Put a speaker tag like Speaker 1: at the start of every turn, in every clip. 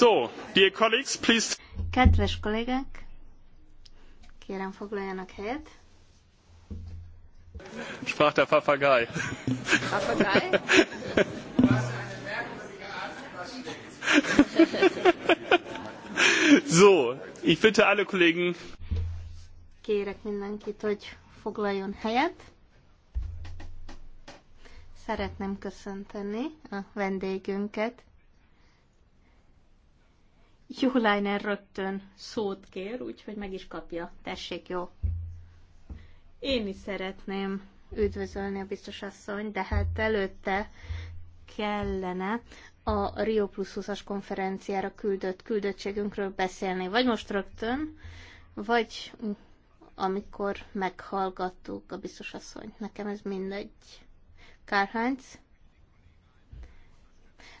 Speaker 1: So, dear colleagues, please...
Speaker 2: Kedves kollégák, kérem foglaljanak helyet.
Speaker 1: Sprach der Papagei. Papagei? so, ich bitte alle Kollegen.
Speaker 2: Kérek mindenkit, hogy foglaljon helyet. Szeretném köszönteni a vendégünket, Juliner rögtön szót kér, úgyhogy meg is kapja. Tessék, jó. Én is szeretném üdvözölni a biztos asszony, de hát előtte kellene a Rio Plus 20 konferenciára küldött küldöttségünkről beszélni. Vagy most rögtön, vagy amikor meghallgattuk a biztos asszony. Nekem ez mindegy. Kárhánc?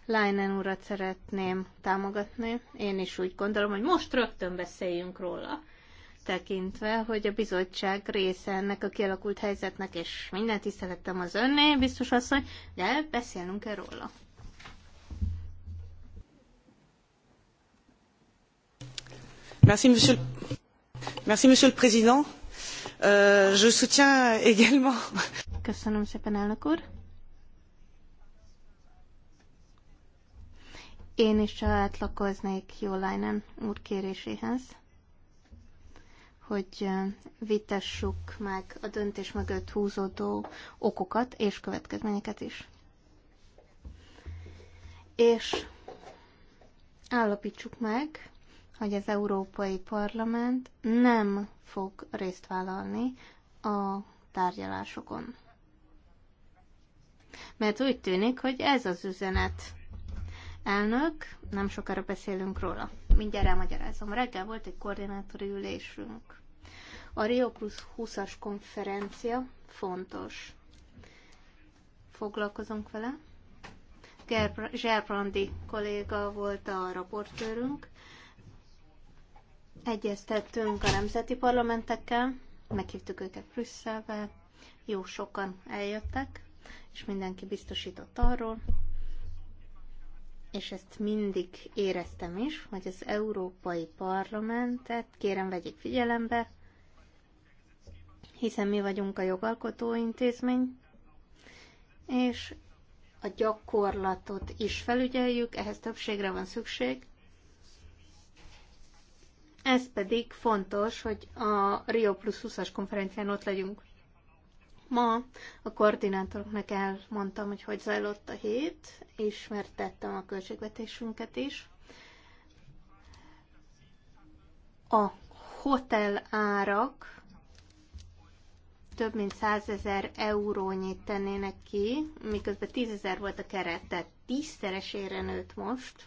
Speaker 2: Leinen urat szeretném támogatni. Én is úgy gondolom, hogy most rögtön beszéljünk róla, tekintve, hogy a bizottság része ennek a kialakult helyzetnek, és mindent is szerettem az önné, biztos asszony, de beszélnünk kell róla.
Speaker 3: Merci, monsieur, le... Merci, monsieur le président. Euh,
Speaker 2: je soutiens également. Köszönöm szépen, elnök úr. Én is csatlakoznék Jólájnen úr kéréséhez, hogy vitessük meg a döntés mögött húzódó okokat és következményeket is. És állapítsuk meg, hogy az Európai Parlament nem fog részt vállalni a tárgyalásokon. Mert úgy tűnik, hogy ez az üzenet Elnök, nem sokára beszélünk róla. Mindjárt elmagyarázom. Reggel volt egy koordinátori ülésünk. A Rio Plus 20-as konferencia fontos. Foglalkozunk vele. Zserbrandi kolléga volt a raportőrünk. Egyeztettünk a nemzeti parlamentekkel, meghívtuk őket Brüsszelbe, jó sokan eljöttek, és mindenki biztosított arról, és ezt mindig éreztem is, hogy az Európai Parlamentet kérem vegyék figyelembe, hiszen mi vagyunk a jogalkotó intézmény, és a gyakorlatot is felügyeljük, ehhez többségre van szükség. Ez pedig fontos, hogy a Rio Plus 20-as konferencián ott legyünk. Ma a koordinátoroknak elmondtam, hogy hogy zajlott a hét, ismertettem a költségvetésünket is. A hotel árak több mint 100 ezer eurónyit tennének ki, miközben 10 ezer volt a keret, tehát tízszeresére nőtt most,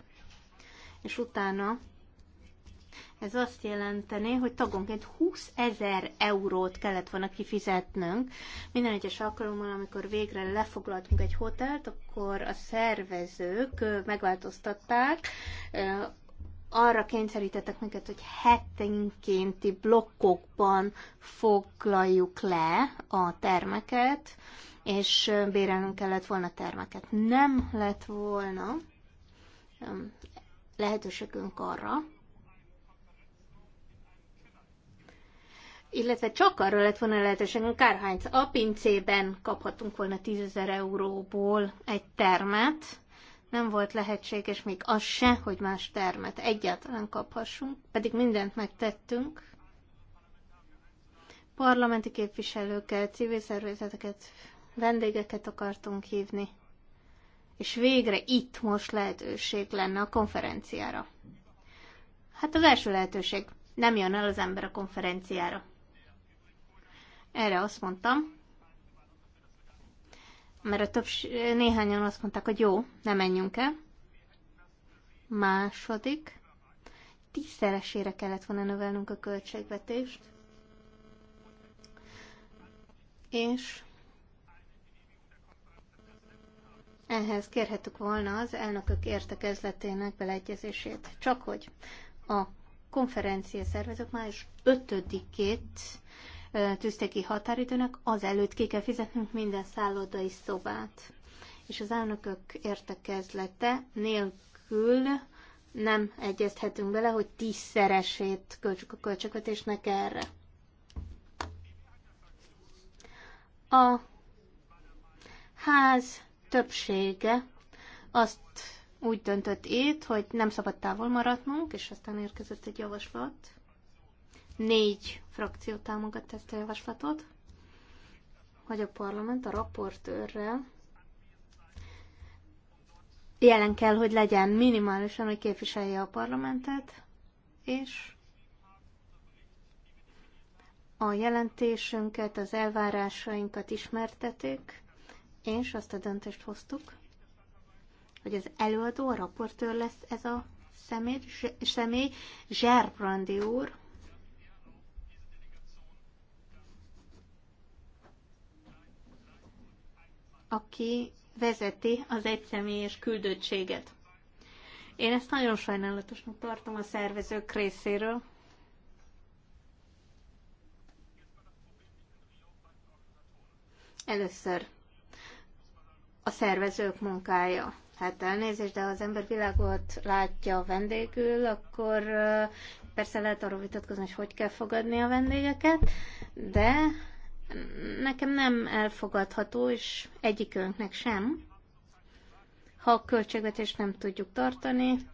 Speaker 2: és utána ez azt jelenteni, hogy tagonként 20 ezer eurót kellett volna kifizetnünk. Minden egyes alkalommal, amikor végre lefoglaltunk egy hotelt, akkor a szervezők megváltoztatták, arra kényszerítettek minket, hogy hetenkénti blokkokban foglaljuk le a termeket, és bérelnünk kellett volna termeket. Nem lett volna lehetőségünk arra, illetve csak arra lett volna hogy kárhányt a pincében kaphatunk volna 10 euróból egy termet, nem volt lehetséges még az se, hogy más termet egyáltalán kaphassunk, pedig mindent megtettünk. Parlamenti képviselőket, civil szervezeteket, vendégeket akartunk hívni, és végre itt most lehetőség lenne a konferenciára. Hát az első lehetőség, nem jön el az ember a konferenciára. Erre azt mondtam, mert a több, néhányan azt mondták, hogy jó, ne menjünk el. Második, tízszeresére kellett volna növelnünk a költségvetést. És ehhez kérhettük volna az elnökök értekezletének beleegyezését. Csak hogy a konferencia szervezők május 5-ét tűzte ki határidőnek, előtt ki kell fizetnünk minden szállodai szobát. És az elnökök értekezlete nélkül nem egyezhetünk bele, hogy tízszeresét költsük a költségvetésnek erre. A ház többsége azt úgy döntött itt, hogy nem szabad távol maradnunk, és aztán érkezett egy javaslat. Négy frakció támogatta ezt a javaslatot, hogy a parlament a raportőrrel jelen kell, hogy legyen minimálisan, hogy képviselje a parlamentet, és a jelentésünket, az elvárásainkat ismertetik, és azt a döntést hoztuk, hogy az előadó, a raportőr lesz ez a személy, Zserbrandi úr, aki vezeti az egyszemélyes küldöttséget. Én ezt nagyon sajnálatosnak tartom a szervezők részéről, Először a szervezők munkája. Hát elnézést, de ha az ember világot látja a vendégül, akkor persze lehet arról vitatkozni, hogy hogy kell fogadni a vendégeket, de nekem nem elfogadható, és egyikünknek sem. Ha a költségvetést nem tudjuk tartani,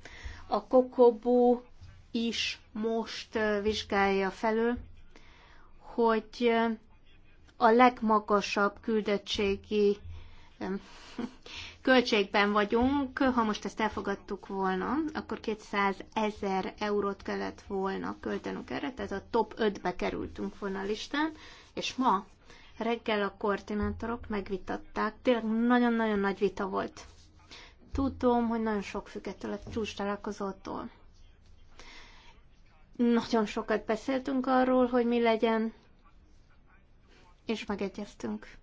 Speaker 2: a kokobó is most vizsgálja felül, hogy a legmagasabb küldettségi költségben vagyunk. Ha most ezt elfogadtuk volna, akkor 200 ezer eurót kellett volna költenünk erre, tehát a top 5-be kerültünk volna a listán. És ma reggel a koordinátorok megvitatták, tényleg nagyon-nagyon nagy vita volt. Tudom, hogy nagyon sok függetől a csúcs találkozótól. Nagyon sokat beszéltünk arról, hogy mi legyen, és megegyeztünk.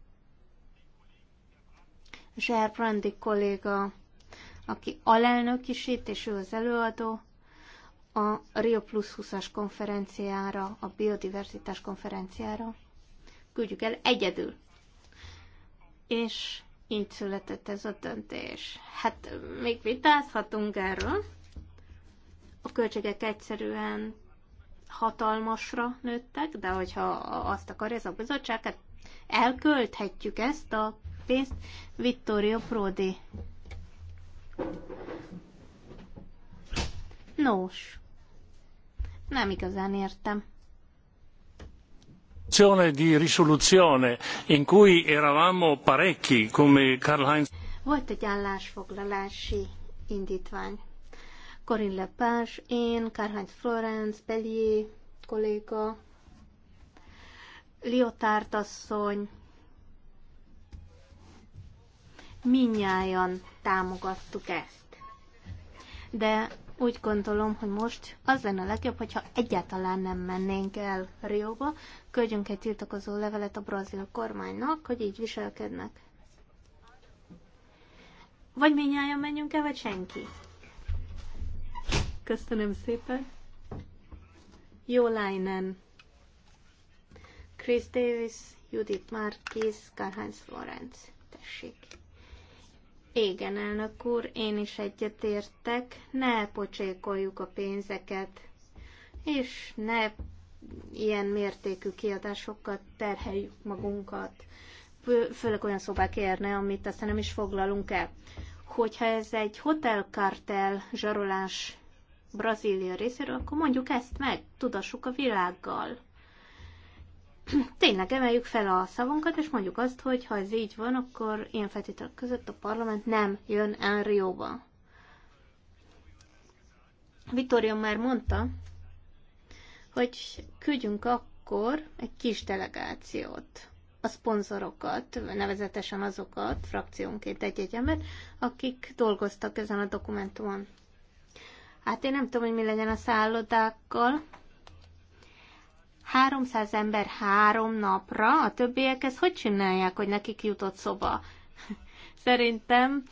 Speaker 2: Zserbrandi kolléga, aki alelnök is itt, és ő az előadó, a Rio Plus 20-as konferenciára, a biodiverzitás konferenciára küldjük el egyedül. És így született ez a döntés. Hát még vitázhatunk erről. A költségek egyszerűen hatalmasra nőttek, de hogyha azt akarja ez a bizottság, hát elkölthetjük ezt a pénzt Vittorio Prodi. Nos, nem igazán értem
Speaker 1: di risoluzione in cui eravamo parecchi come Karl Heinz.
Speaker 2: Volt egy állásfoglalási indítvány. Corinne Lepage, én, Karl-Heinz Florence, Bellier kolléga, Liotárt asszony, minnyáján támogattuk ezt. De úgy gondolom, hogy most az lenne a legjobb, hogyha egyáltalán nem mennénk el Rióba, küldjünk egy tiltakozó levelet a brazil kormánynak, hogy így viselkednek. Vagy minnyáján menjünk el, vagy senki. Köszönöm szépen. Jó lájnen. Chris Davis, Judith Márkiz, Karhánz Lorenz. Tessék. Igen, elnök úr, én is egyetértek. Ne pocsékoljuk a pénzeket, és ne ilyen mértékű kiadásokat terheljük magunkat, főleg olyan szobák érne, amit aztán nem is foglalunk el. Hogyha ez egy hotelkartel zsarolás Brazília részéről, akkor mondjuk ezt meg, tudassuk a világgal. Tényleg emeljük fel a szavunkat, és mondjuk azt, hogy ha ez így van, akkor ilyen feltételek között a parlament nem jön el Rióba. Vittorio már mondta, hogy küldjünk akkor egy kis delegációt, a szponzorokat, nevezetesen azokat, frakciónként egy egyemet, akik dolgoztak ezen a dokumentumon. Hát én nem tudom, hogy mi legyen a szállodákkal. 300 ember három napra, a többiek ezt hogy csinálják, hogy nekik jutott szoba? Szerintem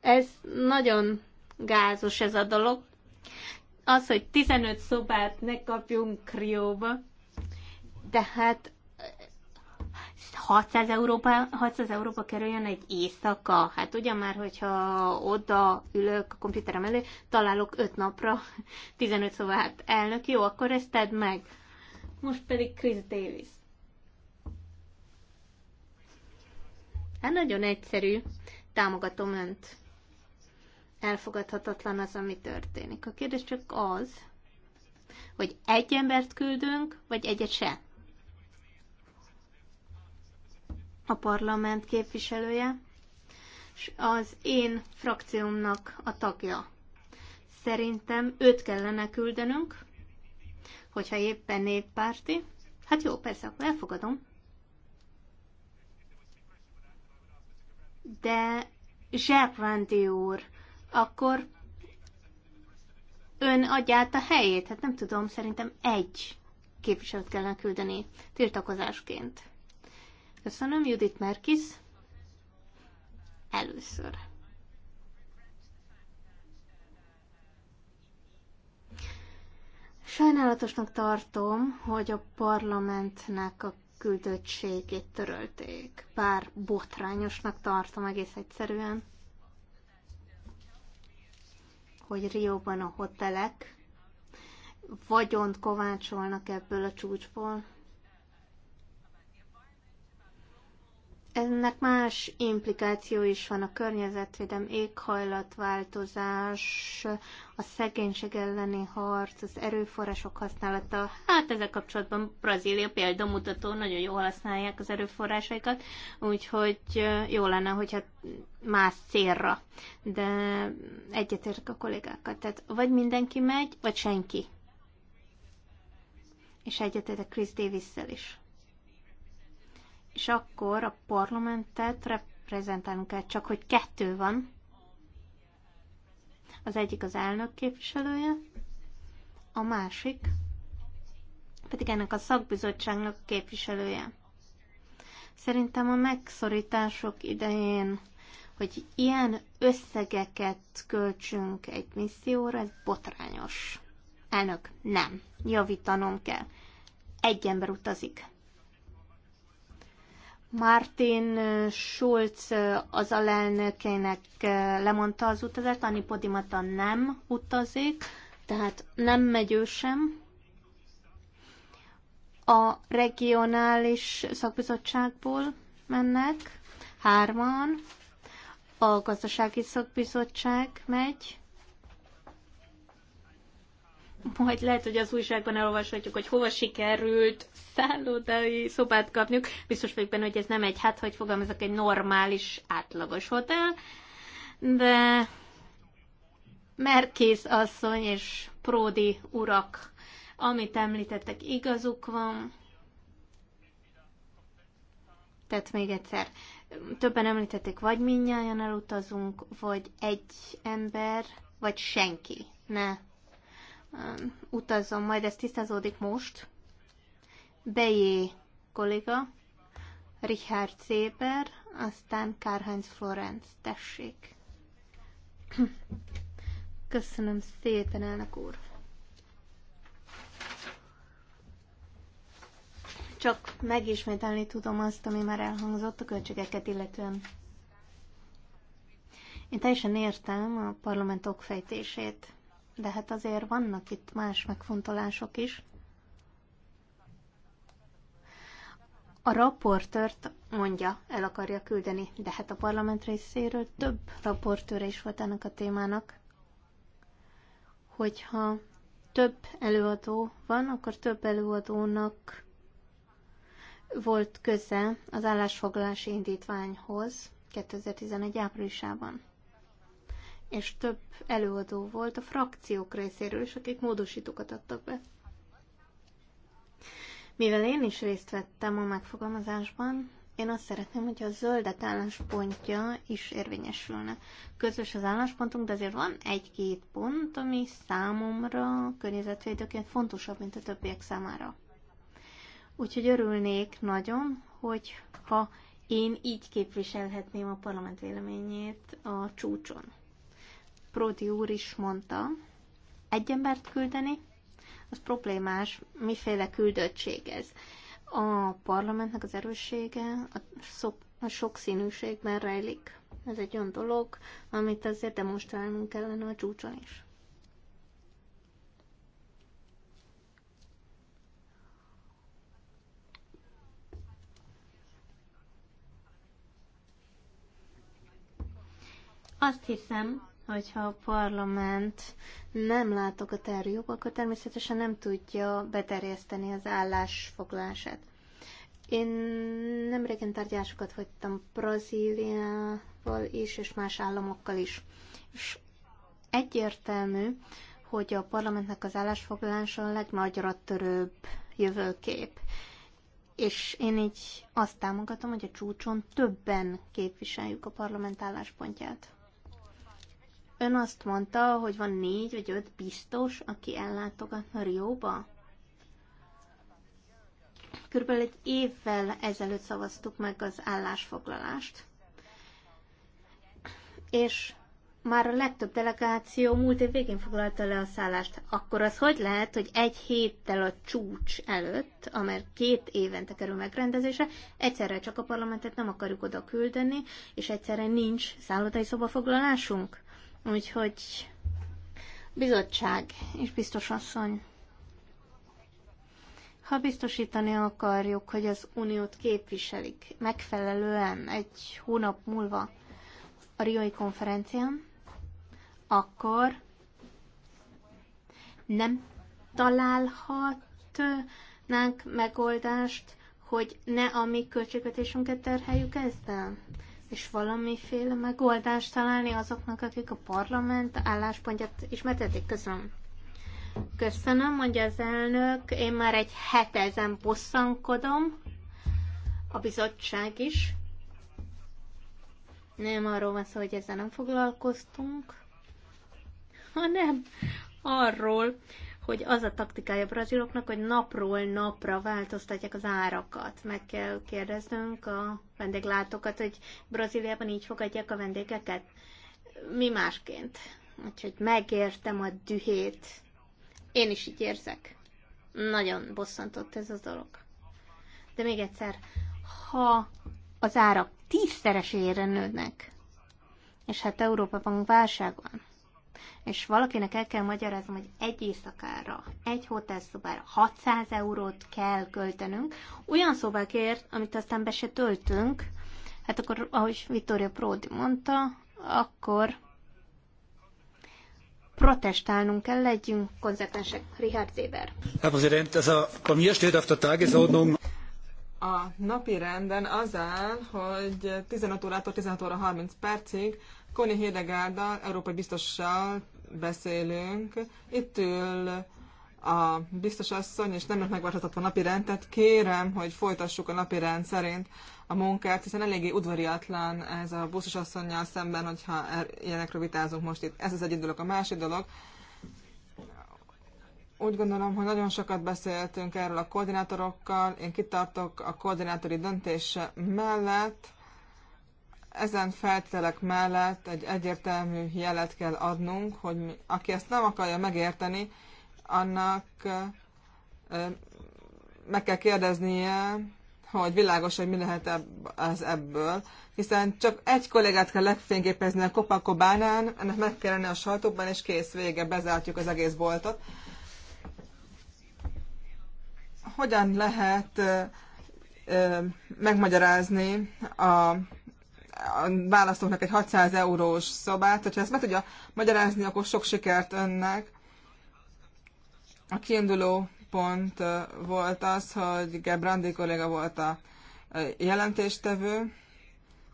Speaker 2: ez nagyon gázos ez a dolog az, hogy 15 szobát ne kapjunk krióba, de hát 600 euróba, 600 euróba kerüljön egy éjszaka. Hát ugyan már, hogyha oda ülök a komputerem elő, találok 5 napra 15 szobát. Elnök, jó, akkor ezt tedd meg. Most pedig Chris Davis. Hát nagyon egyszerű. Támogatom önt elfogadhatatlan az, ami történik. A kérdés csak az, hogy egy embert küldünk, vagy egyet se. A parlament képviselője, és az én frakciómnak a tagja. Szerintem őt kellene küldenünk, hogyha éppen néppárti. Hát jó, persze, akkor elfogadom. De Zsebrandi úr, akkor ön adja át a helyét. Hát nem tudom, szerintem egy képviselőt kellene küldeni tiltakozásként. Köszönöm, Judit Merkis. Először. Sajnálatosnak tartom, hogy a parlamentnek a küldöttségét törölték, bár botrányosnak tartom egész egyszerűen hogy Rióban a hotelek vagyont kovácsolnak ebből a csúcsból. Ennek más implikáció is van a környezetvédelem, éghajlatváltozás, a szegénység elleni harc, az erőforrások használata. Hát ezzel kapcsolatban Brazília példamutató, nagyon jól használják az erőforrásaikat, úgyhogy jó lenne, hogyha más célra. De egyetértek a kollégákat. Tehát vagy mindenki megy, vagy senki. És egyetértek Chris davis is és akkor a parlamentet reprezentálnunk kell, csak hogy kettő van. Az egyik az elnök képviselője, a másik pedig ennek a szakbizottságnak képviselője. Szerintem a megszorítások idején, hogy ilyen összegeket költsünk egy misszióra, ez botrányos. Elnök, nem. Javítanom kell. Egy ember utazik. Martin Schulz az alelnökének lemondta az utazást, Anni Podimata nem utazik, tehát nem megy ő sem. A regionális szakbizottságból mennek hárman, a gazdasági szakbizottság megy, majd lehet, hogy az újságban elolvashatjuk, hogy hova sikerült szállodai szobát kapniuk. Biztos vagyok benne, hogy ez nem egy, hát hogy fogalmazok, egy normális, átlagos hotel, de Merkész asszony és Pródi urak, amit említettek, igazuk van. Tehát még egyszer, többen említették, vagy minnyáján elutazunk, vagy egy ember, vagy senki. Ne utazom, majd ez tisztázódik most. Bejé kolléga, Richard Zéber, aztán Karheinz Florenz. Tessék. Köszönöm szépen, elnök úr. Csak megismételni tudom azt, ami már elhangzott a költségeket illetően. Én teljesen értem a parlament okfejtését de hát azért vannak itt más megfontolások is. A raportört mondja, el akarja küldeni, de hát a parlament részéről több raportőre is volt ennek a témának, hogyha több előadó van, akkor több előadónak volt köze az állásfoglalási indítványhoz 2011 áprilisában és több előadó volt a frakciók részéről is, akik módosítókat adtak be. Mivel én is részt vettem a megfogalmazásban, én azt szeretném, hogyha a zöldet álláspontja is érvényesülne. Közös az álláspontunk, de azért van egy-két pont, ami számomra környezetvédőként fontosabb, mint a többiek számára. Úgyhogy örülnék nagyon, hogy ha én így képviselhetném a parlament véleményét a csúcson. Pródi úr is mondta, egy embert küldeni, az problémás, miféle küldöttség ez. A parlamentnek az erőssége a, szok, a sokszínűségben rejlik. Ez egy olyan dolog, amit azért demonstrálnunk kellene a csúcson is. Azt hiszem, hogyha a parlament nem látogat erre jobb, akkor természetesen nem tudja beterjeszteni az állásfoglását. Én nem régen tárgyásokat hagytam Brazíliával is, és más államokkal is. És egyértelmű, hogy a parlamentnek az állásfoglalása a legnagyra törőbb jövőkép. És én így azt támogatom, hogy a csúcson többen képviseljük a parlament álláspontját. Ön azt mondta, hogy van négy vagy öt biztos, aki ellátogatna Rióba? Körülbelül egy évvel ezelőtt szavaztuk meg az állásfoglalást, és már a legtöbb delegáció múlt év végén foglalta le a szállást. Akkor az hogy lehet, hogy egy héttel a csúcs előtt, amely két évente kerül megrendezése, egyszerre csak a parlamentet nem akarjuk oda küldeni, és egyszerre nincs szállodai szobafoglalásunk? Úgyhogy bizottság és biztos asszony, ha biztosítani akarjuk, hogy az uniót képviselik megfelelően egy hónap múlva a Riói konferencián, akkor nem találhatnánk megoldást, hogy ne a mi költségvetésünket terheljük ezzel és valamiféle megoldást találni azoknak, akik a parlament álláspontját ismertetik? Köszönöm. Köszönöm, mondja az elnök. Én már egy hete ezen bosszankodom. A bizottság is. Nem arról van szó, hogy ezzel nem foglalkoztunk, hanem arról, hogy az a taktikája a braziloknak, hogy napról napra változtatják az árakat. Meg kell kérdeznünk a vendéglátókat, hogy Brazíliában így fogadják a vendégeket. Mi másként. Úgyhogy megértem a dühét. Én is így érzek. Nagyon bosszantott ez a dolog. De még egyszer, ha az árak tízszeresére nőnek, és hát Európában válság van, és valakinek el kell magyaráznom, hogy egy éjszakára, egy hotelszobára 600 eurót kell költenünk, olyan szobákért, szóval amit aztán be se töltünk, hát akkor, ahogy Vittoria Pródi mondta, akkor protestálnunk kell, legyünk konzekvensek. Richard
Speaker 3: Zéber.
Speaker 1: Herr Präsident, also bei mir steht auf der Tagesordnung.
Speaker 3: A napi renden az áll, hogy 15 órától 16 óra 30 percig Koni Hédegárdal, Európai Biztossal beszélünk. Itt ül a biztos asszony, és nem lett megváltoztatva a napi rend, tehát kérem, hogy folytassuk a napi rend szerint a munkát, hiszen eléggé udvariatlan ez a buszos asszonynal szemben, hogyha er- ilyenekről vitázunk most itt. Ez az egyik dolog. A másik dolog, úgy gondolom, hogy nagyon sokat beszéltünk erről a koordinátorokkal, én kitartok a koordinátori döntés mellett, ezen feltételek mellett egy egyértelmű jelet kell adnunk, hogy aki ezt nem akarja megérteni, annak meg kell kérdeznie, hogy világos, hogy mi lehet az ebből, hiszen csak egy kollégát kell legfényképezni a Copacobánán, ennek meg kellene a sajtóban, és kész vége, bezártjuk az egész boltot. Hogyan lehet megmagyarázni a választóknak egy 600 eurós szobát, hogyha ezt meg tudja magyarázni, akkor sok sikert önnek. A kiinduló pont volt az, hogy Gebrandi kolléga volt a jelentéstevő,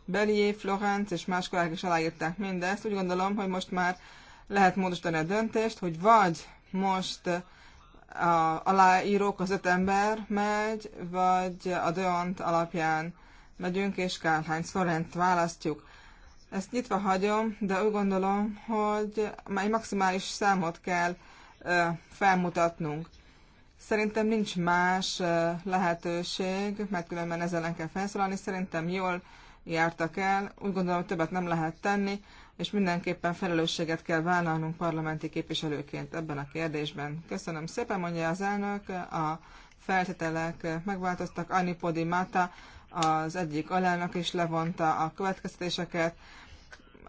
Speaker 3: Belié, Florence és más kollégák is aláírták mindezt. Úgy gondolom, hogy most már lehet módosítani a döntést, hogy vagy most a aláírók, az öt ember megy, vagy a dönt alapján megyünk, és kell hány Szorent választjuk. Ezt nyitva hagyom, de úgy gondolom, hogy egy maximális számot kell felmutatnunk. Szerintem nincs más lehetőség, mert különben ezzel ellen kell felszólalni. Szerintem jól jártak el, úgy gondolom, hogy többet nem lehet tenni, és mindenképpen felelősséget kell vállalnunk parlamenti képviselőként ebben a kérdésben. Köszönöm szépen, mondja az elnök, a feltételek megváltoztak, Anipodi Mata az egyik alelnök is levonta a következtetéseket.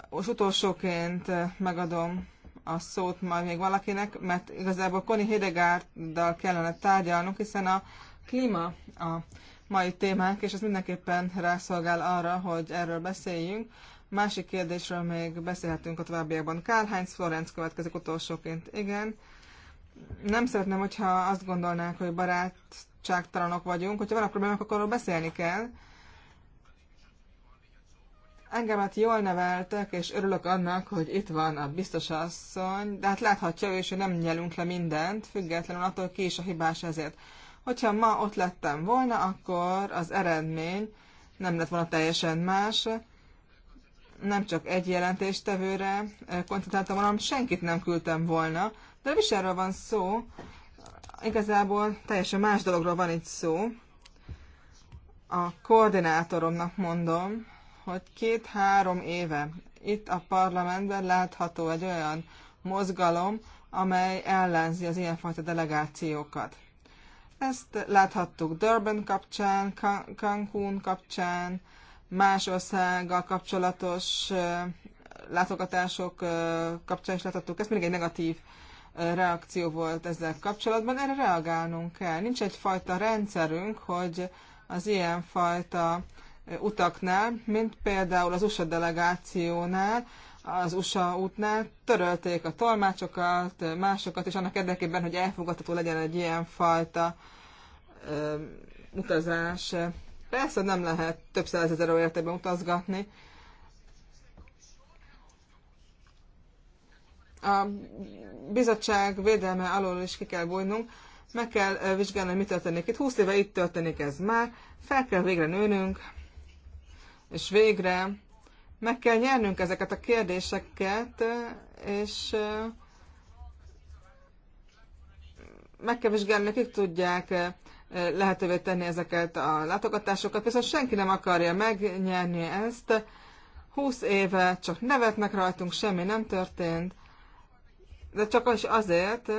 Speaker 3: Most utolsóként megadom a szót majd még valakinek, mert igazából Koni Hidegárddal kellene tárgyalnunk, hiszen a klíma a mai témánk, és ez mindenképpen rászolgál arra, hogy erről beszéljünk. Másik kérdésről még beszélhetünk a továbbiakban. Karl-Heinz következik utolsóként. Igen. Nem szeretném, hogyha azt gondolnák, hogy barát barátságtalanok vagyunk, hogyha vannak problémák, akkor arról beszélni kell. Engemet hát jól neveltek, és örülök annak, hogy itt van a biztos asszony, de hát láthatja ő is, hogy nem nyelünk le mindent, függetlenül attól ki is a hibás ezért. Hogyha ma ott lettem volna, akkor az eredmény nem lett volna teljesen más, nem csak egy jelentéstevőre koncentráltam, hanem senkit nem küldtem volna, de nem is erről van szó, Igazából teljesen más dologról van itt szó. A koordinátoromnak mondom, hogy két-három éve itt a parlamentben látható egy olyan mozgalom, amely ellenzi az ilyenfajta delegációkat. Ezt láthattuk Durban kapcsán, Cancún kapcsán, más országgal kapcsolatos látogatások kapcsán is láthattuk. Ezt mindig egy negatív reakció volt ezzel kapcsolatban, erre reagálnunk kell. Nincs egyfajta rendszerünk, hogy az ilyenfajta utaknál, mint például az USA delegációnál, az USA útnál törölték a tolmácsokat, másokat, és annak érdekében, hogy elfogadható legyen egy ilyenfajta utazás. Persze nem lehet több százezer értékben utazgatni, a bizottság védelme alól is ki kell bújnunk, meg kell vizsgálni, hogy mi történik itt. 20 éve itt történik ez már, fel kell végre nőnünk, és végre meg kell nyernünk ezeket a kérdéseket, és meg kell vizsgálni, akik tudják lehetővé tenni ezeket a látogatásokat, viszont senki nem akarja megnyerni ezt. 20 éve csak nevetnek rajtunk, semmi nem történt de csak az azért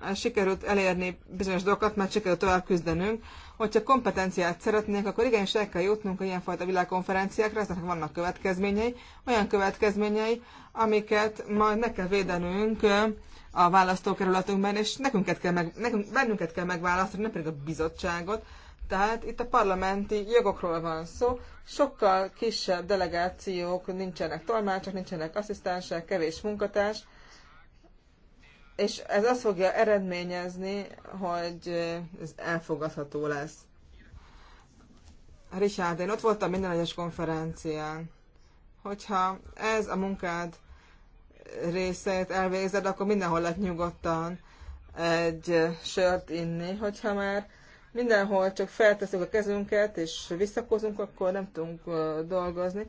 Speaker 3: eh, sikerült elérni bizonyos dolgokat, mert sikerült tovább küzdenünk. Hogyha kompetenciát szeretnénk, akkor igenis el kell jutnunk a ilyenfajta világkonferenciákra, ezeknek vannak következményei, olyan következményei, amiket majd meg kell védenünk eh, a választókerületünkben, és nekünket kell meg, nekünk, bennünket kell megválasztani, nem pedig a bizottságot. Tehát itt a parlamenti jogokról van szó, sokkal kisebb delegációk, nincsenek tolmácsok, nincsenek asszisztensek, kevés munkatárs, és ez azt fogja eredményezni, hogy ez elfogadható lesz. Richard, én ott voltam minden egyes konferencián. Hogyha ez a munkád részét elvégzed, akkor mindenhol lehet nyugodtan egy sört inni. Hogyha már mindenhol csak felteszünk a kezünket, és visszakozunk, akkor nem tudunk dolgozni.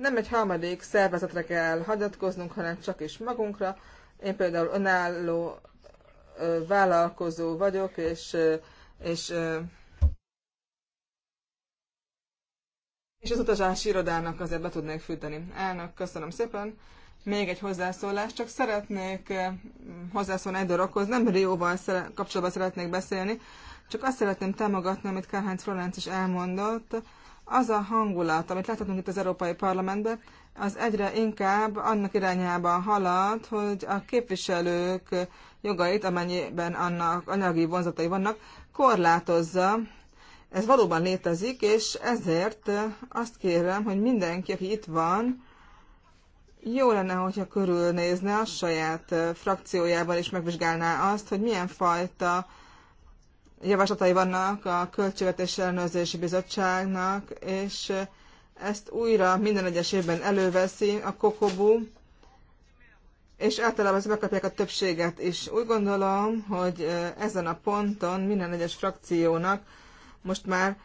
Speaker 3: nem egy harmadik szervezetre kell hagyatkoznunk, hanem csak is magunkra. Én például önálló ö, vállalkozó vagyok, és, ö, és, ö, és az utazási irodának azért be tudnék fűteni. Elnök, köszönöm szépen. Még egy hozzászólás, csak szeretnék hozzászólni egy dologhoz, nem Rióval szere- kapcsolatban szeretnék beszélni, csak azt szeretném támogatni, amit karl Florenc is elmondott, az a hangulat, amit láthatunk itt az Európai Parlamentben, az egyre inkább annak irányába halad, hogy a képviselők jogait, amennyiben annak anyagi vonzatai vannak, korlátozza. Ez valóban létezik, és ezért azt kérem, hogy mindenki, aki itt van, jó lenne, hogyha körülnézne a saját frakciójában, és megvizsgálná azt, hogy milyen fajta javaslatai vannak a Költségvetés Ellenőrzési Bizottságnak, és ezt újra minden egyes évben előveszi a Kokobu, és általában ezt megkapják a többséget is. Úgy gondolom, hogy ezen a ponton minden egyes frakciónak most már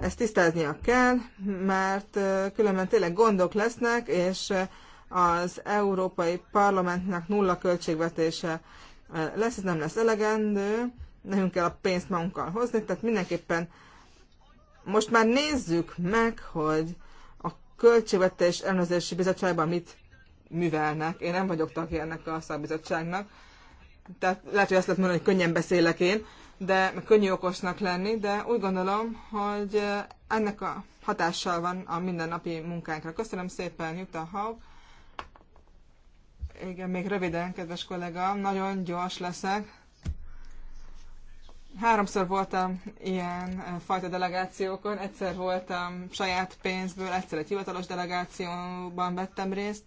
Speaker 3: ezt tisztáznia kell, mert különben tényleg gondok lesznek, és az Európai Parlamentnek nulla költségvetése lesz, ez nem lesz elegendő, nekünk kell a pénzt magunkkal hozni, tehát mindenképpen most már nézzük meg, hogy a Költségvetés Ellenőrzési Bizottságban mit művelnek. Én nem vagyok tagja ennek a szakbizottságnak, tehát lehet, hogy azt lehet mondani, hogy könnyen beszélek én, de könnyű okosnak lenni, de úgy gondolom, hogy ennek a hatással van a mindennapi munkánkra. Köszönöm szépen, Jutta Haug. Igen, még röviden, kedves kollega, nagyon gyors leszek. Háromszor voltam ilyen fajta delegációkon, egyszer voltam saját pénzből, egyszer egy hivatalos delegációban vettem részt.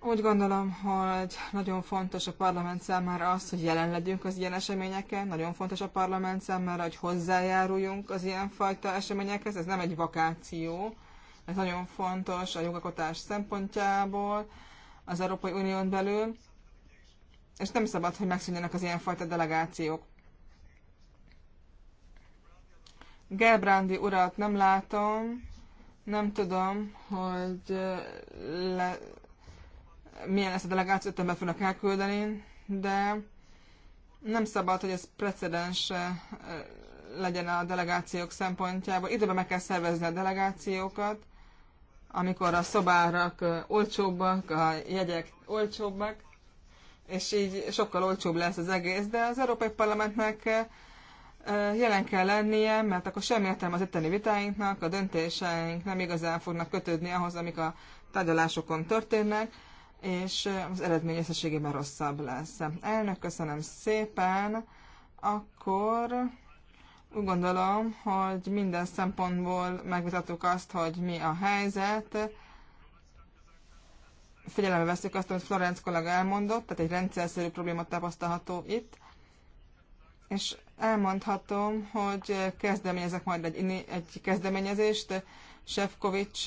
Speaker 3: Úgy gondolom, hogy nagyon fontos a parlament számára az, hogy jelen legyünk az ilyen eseményeken, nagyon fontos a parlament számára, hogy hozzájáruljunk az ilyenfajta eseményekhez, ez nem egy vakáció, ez nagyon fontos a jogakotás szempontjából, az Európai Unión belül, és nem szabad, hogy megszűnjenek az ilyenfajta delegációk. Gelbrandi urat nem látom, nem tudom, hogy le, milyen ezt a delegációt ebben fognak elküldeni, de nem szabad, hogy ez precedens legyen a delegációk szempontjából. Időben meg kell szervezni a delegációkat, amikor a szobárak olcsóbbak, a jegyek olcsóbbak, és így sokkal olcsóbb lesz az egész, de az Európai Parlamentnek jelen kell lennie, mert akkor semmi értelme az itteni vitáinknak, a döntéseink nem igazán fognak kötődni ahhoz, amik a tárgyalásokon történnek, és az eredmény összességében rosszabb lesz. Elnök, köszönöm szépen. Akkor úgy gondolom, hogy minden szempontból megvitattuk azt, hogy mi a helyzet. Figyelembe veszük azt, amit Florenc kollega elmondott, tehát egy rendszerszerű probléma tapasztalható itt és elmondhatom, hogy kezdeményezek majd egy, egy kezdeményezést. Sefkovics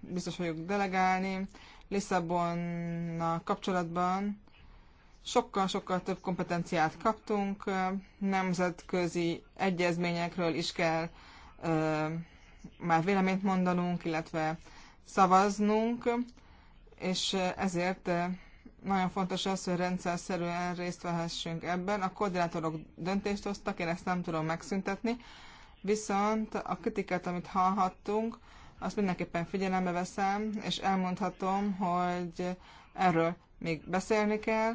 Speaker 3: biztos vagyok delegálni. Lisszabonnal kapcsolatban sokkal-sokkal több kompetenciát kaptunk, nemzetközi egyezményekről is kell már véleményt mondanunk, illetve szavaznunk, és ezért nagyon fontos az, hogy szerűen részt vehessünk ebben. A koordinátorok döntést hoztak, én ezt nem tudom megszüntetni, viszont a kritikát, amit hallhattunk, azt mindenképpen figyelembe veszem, és elmondhatom, hogy erről még beszélni kell,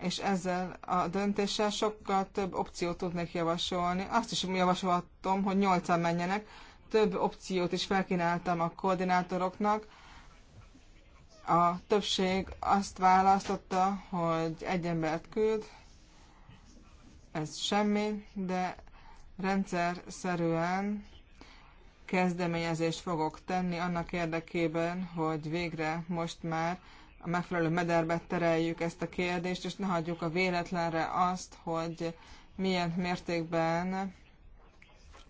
Speaker 3: és ezzel a döntéssel sokkal több opciót tudnék javasolni. Azt is javasolhatom, hogy nyolcan menjenek, több opciót is felkínáltam a koordinátoroknak, a többség azt választotta, hogy egy embert küld, ez semmi, de rendszer szerűen kezdeményezést fogok tenni annak érdekében, hogy végre most már a megfelelő mederbe tereljük ezt a kérdést, és ne hagyjuk a véletlenre azt, hogy milyen mértékben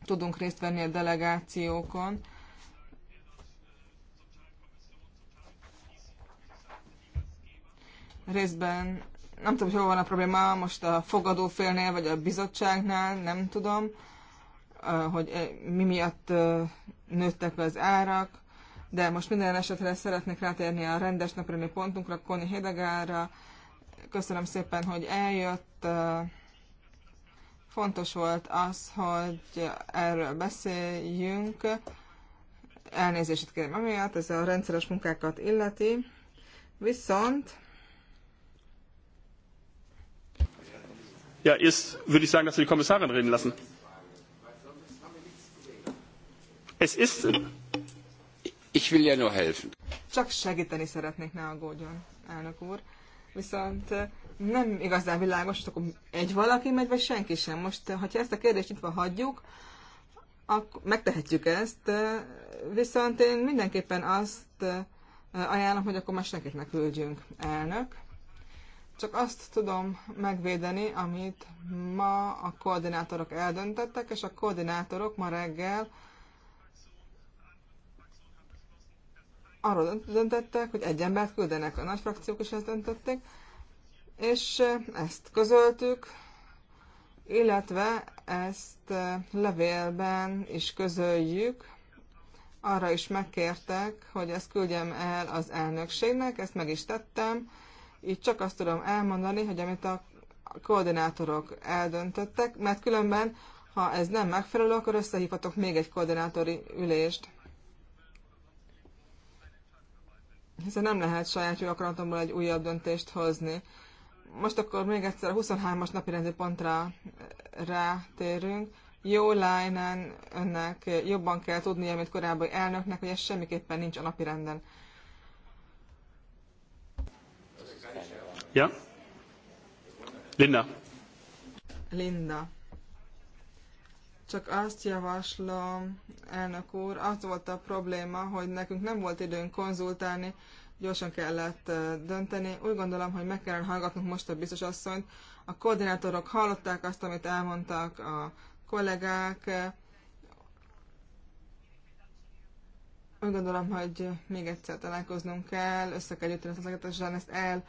Speaker 3: tudunk részt venni a delegációkon, részben nem tudom, hogy hol van a probléma, most a fogadófélnél, vagy a bizottságnál, nem tudom, hogy mi miatt nőttek az árak, de most minden esetre szeretnék rátérni a rendes napremi pontunkra, Koni Hedegára. Köszönöm szépen, hogy eljött. Fontos volt az, hogy erről beszéljünk. Elnézést kérem amiatt, ez a rendszeres munkákat illeti. Viszont
Speaker 1: Ja, erst würde ich sagen, dass wir die Kommissarin reden lassen. Es ist... Ich will ja nur helfen.
Speaker 3: Csak segíteni szeretnék, ne aggódjon, elnök úr. Viszont eh, nem igazán világos, hogy akkor egy valaki megy, vagy senki sem. Most, eh, ha ezt a kérdést nyitva hagyjuk, akkor megtehetjük ezt, eh, viszont én mindenképpen azt ajánlom, hogy akkor már senkit ne küldjünk, elnök. Csak azt tudom megvédeni, amit ma a koordinátorok eldöntettek, és a koordinátorok ma reggel arról döntettek, hogy egy embert küldenek. A nagy frakciók is ezt döntötték, és ezt közöltük, illetve ezt levélben is közöljük. Arra is megkértek, hogy ezt küldjem el az elnökségnek, ezt meg is tettem. Így csak azt tudom elmondani, hogy amit a koordinátorok eldöntöttek, mert különben, ha ez nem megfelelő, akkor összehívhatok még egy koordinátori ülést. Hiszen nem lehet saját jó akaratomból egy újabb döntést hozni. Most akkor még egyszer a 23-as napi rendi pontra eh, rátérünk. Jó Lájnán önnek jobban kell tudnia, mint korábbi elnöknek, hogy ez semmiképpen nincs a napirenden.
Speaker 1: Ja? Linda.
Speaker 3: Linda. Csak azt javaslom, elnök úr, az volt a probléma, hogy nekünk nem volt időnk konzultálni, gyorsan kellett dönteni. Úgy gondolom, hogy meg kellene hallgatnunk most a biztos asszonyt. A koordinátorok hallották azt, amit elmondtak a kollégák. Úgy gondolom, hogy még egyszer találkoznunk kell, össze kell jutni ezeket, ezt el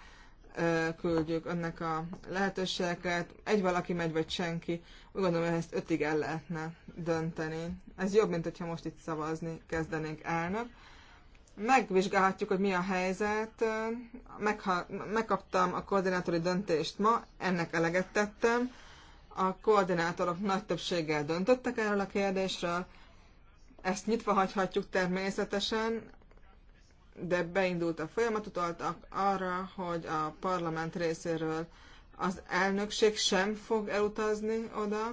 Speaker 3: küldjük önnek a lehetőségeket. Egy valaki megy, vagy senki. Úgy gondolom, hogy ezt ötig el lehetne dönteni. Ez jobb, mint hogyha most itt szavazni kezdenénk elnök. Megvizsgálhatjuk, hogy mi a helyzet. Megha- megkaptam a koordinátori döntést ma, ennek eleget tettem. A koordinátorok nagy többséggel döntöttek erről a kérdésről. Ezt nyitva hagyhatjuk természetesen, de beindult a folyamat, utaltak arra, hogy a parlament részéről az elnökség sem fog elutazni oda.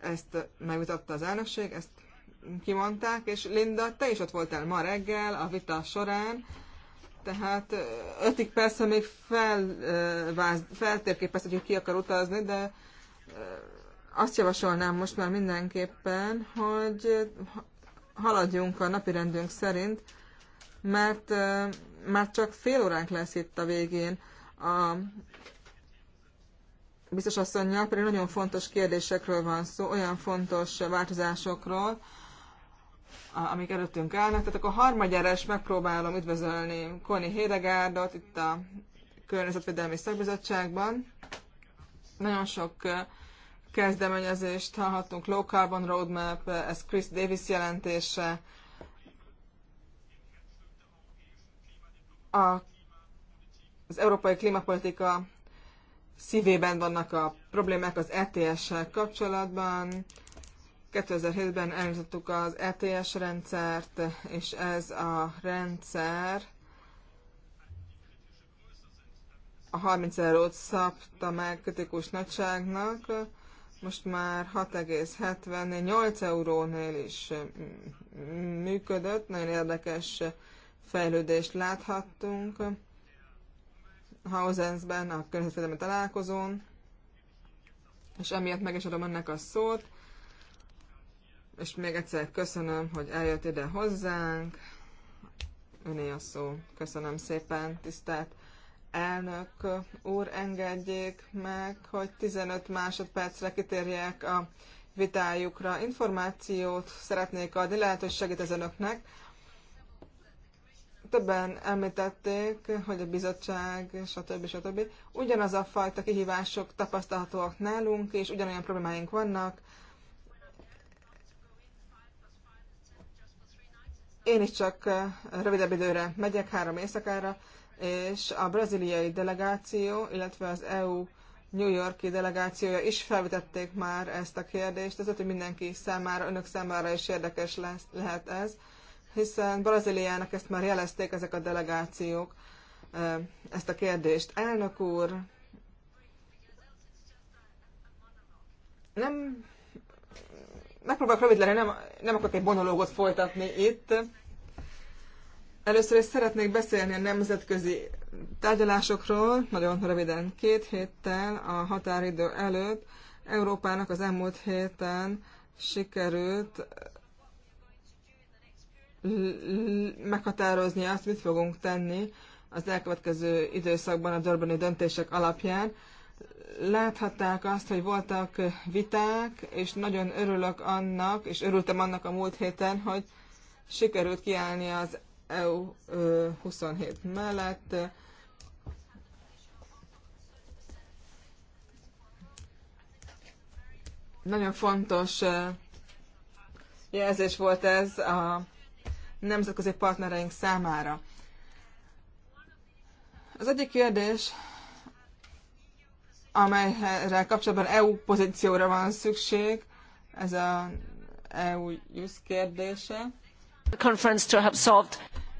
Speaker 3: Ezt megvitatta az elnökség, ezt kimondták, és Linda, te is ott voltál ma reggel a vita során, tehát ötig persze még fel, feltérképeztet, hogy ki akar utazni, de azt javasolnám most már mindenképpen, hogy haladjunk a napirendünk szerint, mert már csak fél óránk lesz itt a végén a biztos asszonynak pedig nagyon fontos kérdésekről van szó, olyan fontos változásokról, amik előttünk állnak. Tehát akkor harmadjára is megpróbálom üdvözölni Koni Hédegárdot itt a Környezetvédelmi Szakbizottságban. Nagyon sok kezdeményezést hallhattunk, Low Carbon Roadmap, ez Chris Davis jelentése, a, az európai klímapolitika szívében vannak a problémák az ETS-sel kapcsolatban. 2007-ben elindítottuk az ETS rendszert, és ez a rendszer a 30 eurót szabta meg kritikus nagyságnak, most már 6,70-8 eurónél is működött, nagyon érdekes fejlődést láthattunk Hausensben, a környezetvédelmi találkozón, és emiatt meg is adom ennek a szót, és még egyszer köszönöm, hogy eljött ide hozzánk. Öné a szó. Köszönöm szépen, tisztelt elnök úr, engedjék meg, hogy 15 másodpercre kitérjek a vitájukra. Információt szeretnék adni, lehet, hogy segít ez önöknek Többen említették, hogy a bizottság, stb. stb. Ugyanaz a fajta kihívások tapasztalhatóak nálunk, és ugyanolyan problémáink vannak. Én is csak eh, rövidebb időre megyek, három éjszakára, és a braziliai delegáció, illetve az EU New Yorki delegációja is felvetették már ezt a kérdést, ezért, hogy mindenki számára, önök számára is érdekes lesz, lehet ez hiszen Brazíliának ezt már jelezték ezek a delegációk, ezt a kérdést. Elnök úr, nem megpróbálok rövid lenni, nem, nem akarok egy monológot folytatni itt. Először is szeretnék beszélni a nemzetközi tárgyalásokról, nagyon röviden, két héttel a határidő előtt Európának az elmúlt héten sikerült meghatározni azt, mit fogunk tenni az elkövetkező időszakban a Durbani döntések alapján. Láthatták azt, hogy voltak viták, és nagyon örülök annak, és örültem annak a múlt héten, hogy sikerült kiállni az EU 27 mellett. Nagyon fontos jelzés volt ez a nemzetközi partnereink számára. Az egyik kérdés, amelyre kapcsolatban EU pozícióra van szükség, ez a EU JUSZ kérdése.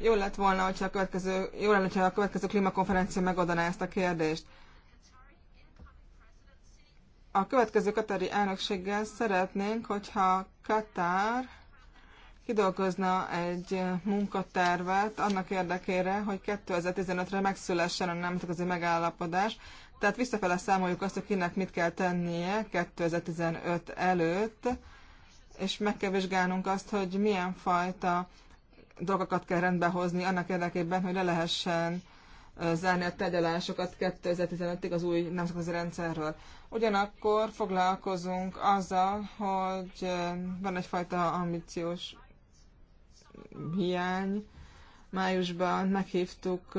Speaker 3: Jó lett volna, hogyha a következő, jó lenne, hogyha a következő klímakonferencia megoldaná ezt a kérdést. A következő katari elnökséggel szeretnénk, hogyha Katár kidolgozna egy munkatervet annak érdekére, hogy 2015-re megszülessen a nemzetközi megállapodás, tehát visszafele számoljuk azt, hogy kinek mit kell tennie 2015 előtt, és meg kell vizsgálnunk azt, hogy milyen fajta dolgokat kell rendbehozni annak érdekében, hogy le lehessen zárni a tegyelásokat 2015-ig az új nemzetközi rendszerről. Ugyanakkor foglalkozunk azzal, hogy van egyfajta ambíciós hiány. Májusban meghívtuk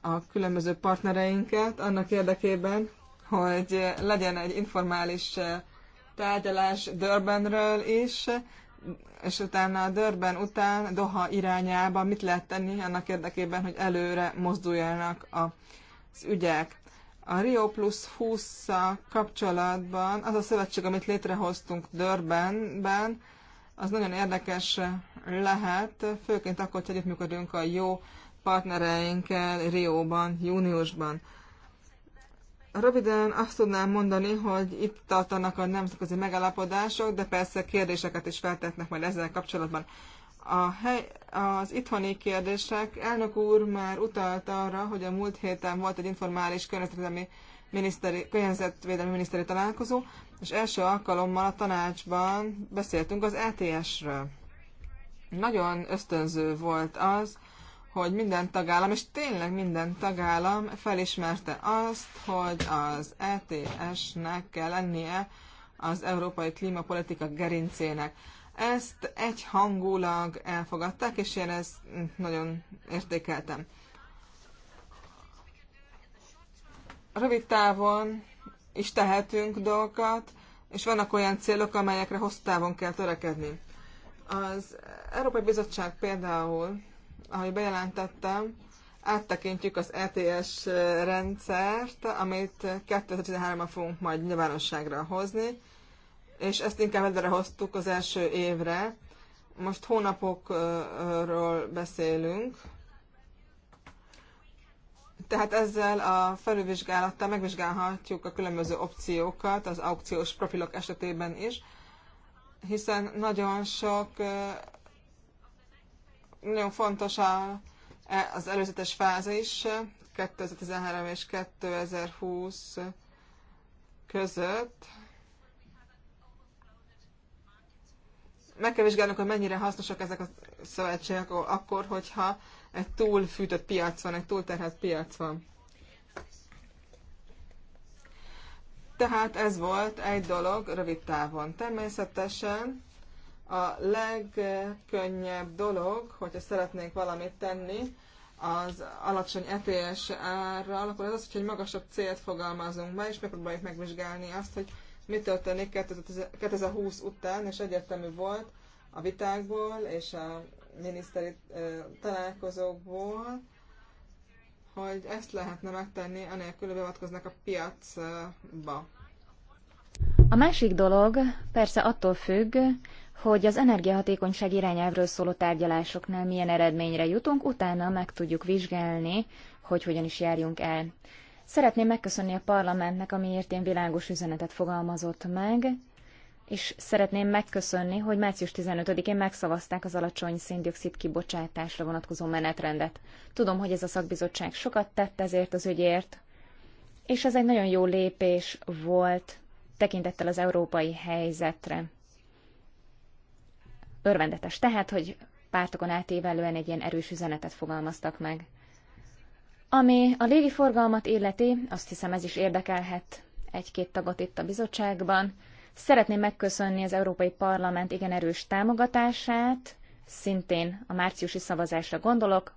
Speaker 3: a különböző partnereinket annak érdekében, hogy legyen egy informális tárgyalás Dörbenről is, és utána a Dörben után Doha irányába mit lehet tenni annak érdekében, hogy előre mozduljanak az ügyek. A Rio Plus 20 kapcsolatban az a szövetség, amit létrehoztunk Dörbenben, az nagyon érdekes lehet, főként akkor, hogy együttműködünk a jó partnereinkkel Rióban, júniusban. Röviden azt tudnám mondani, hogy itt tartanak a nemzetközi megállapodások, de persze kérdéseket is feltetnek majd ezzel kapcsolatban. A hely, az itthoni kérdések, elnök úr már utalta arra, hogy a múlt héten volt egy informális környezetvédelmi miniszteri, környezetvédelmi miniszteri találkozó, és első alkalommal a tanácsban beszéltünk az ETS-ről. Nagyon ösztönző volt az, hogy minden tagállam, és tényleg minden tagállam felismerte azt, hogy az ETS-nek kell lennie az európai klímapolitika gerincének. Ezt egyhangulag elfogadták, és én ezt nagyon értékeltem. Rövid távon is tehetünk dolgokat, és vannak olyan célok, amelyekre hosszú távon kell törekedni. Az Európai Bizottság például, ahogy bejelentettem, áttekintjük az ETS rendszert, amit 2013-ban fogunk majd nyilvánosságra hozni, és ezt inkább előre hoztuk az első évre. Most hónapokról beszélünk, tehát ezzel a felülvizsgálattal megvizsgálhatjuk a különböző opciókat az aukciós profilok esetében is, hiszen nagyon sok, nagyon fontos a, e, az előzetes fázis 2013 és 2020 között, meg kell vizsgálnunk, hogy mennyire hasznosak ezek a szövetségek akkor, hogyha egy túl fűtött piac van, egy túlterhelt piac van. Tehát ez volt egy dolog rövid távon. Természetesen a legkönnyebb dolog, hogyha szeretnénk valamit tenni az alacsony ETS árral, akkor az az, hogy egy magasabb célt fogalmazunk be, és megpróbáljuk megvizsgálni azt, hogy mi történik 2020 után, és egyértelmű volt a vitákból és a miniszteri találkozókból, hogy ezt lehetne megtenni, anélkül beavatkoznak a piacba.
Speaker 4: A másik dolog persze attól függ, hogy az energiahatékonyság irányelvről szóló tárgyalásoknál milyen eredményre jutunk, utána meg tudjuk vizsgálni, hogy hogyan is járjunk el. Szeretném megköszönni a parlamentnek, amiért én világos üzenetet fogalmazott meg, és szeretném megköszönni, hogy március 15-én megszavazták az alacsony széndiokszid kibocsátásra vonatkozó menetrendet. Tudom, hogy ez a szakbizottság sokat tett ezért az ügyért, és ez egy nagyon jó lépés volt tekintettel az európai helyzetre. Örvendetes tehát, hogy pártokon átévelően egy ilyen erős üzenetet fogalmaztak meg. Ami a légi forgalmat illeti, azt hiszem ez is érdekelhet egy-két tagot itt a bizottságban. Szeretném megköszönni az Európai Parlament igen erős támogatását, szintén a márciusi szavazásra gondolok.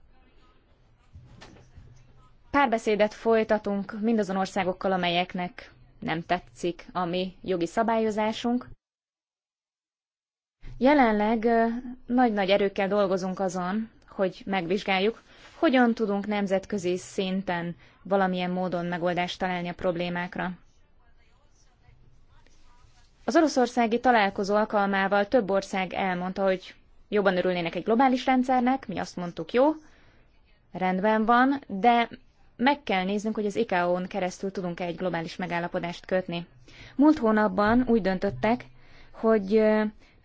Speaker 4: Párbeszédet folytatunk mindazon országokkal, amelyeknek nem tetszik a mi jogi szabályozásunk. Jelenleg nagy-nagy erőkkel dolgozunk azon, hogy megvizsgáljuk, hogyan tudunk nemzetközi szinten valamilyen módon megoldást találni a problémákra. Az oroszországi találkozó alkalmával több ország elmondta, hogy jobban örülnének egy globális rendszernek, mi azt mondtuk, jó, rendben van, de meg kell néznünk, hogy az ICAO-n keresztül tudunk-e egy globális megállapodást kötni. Múlt hónapban úgy döntöttek, hogy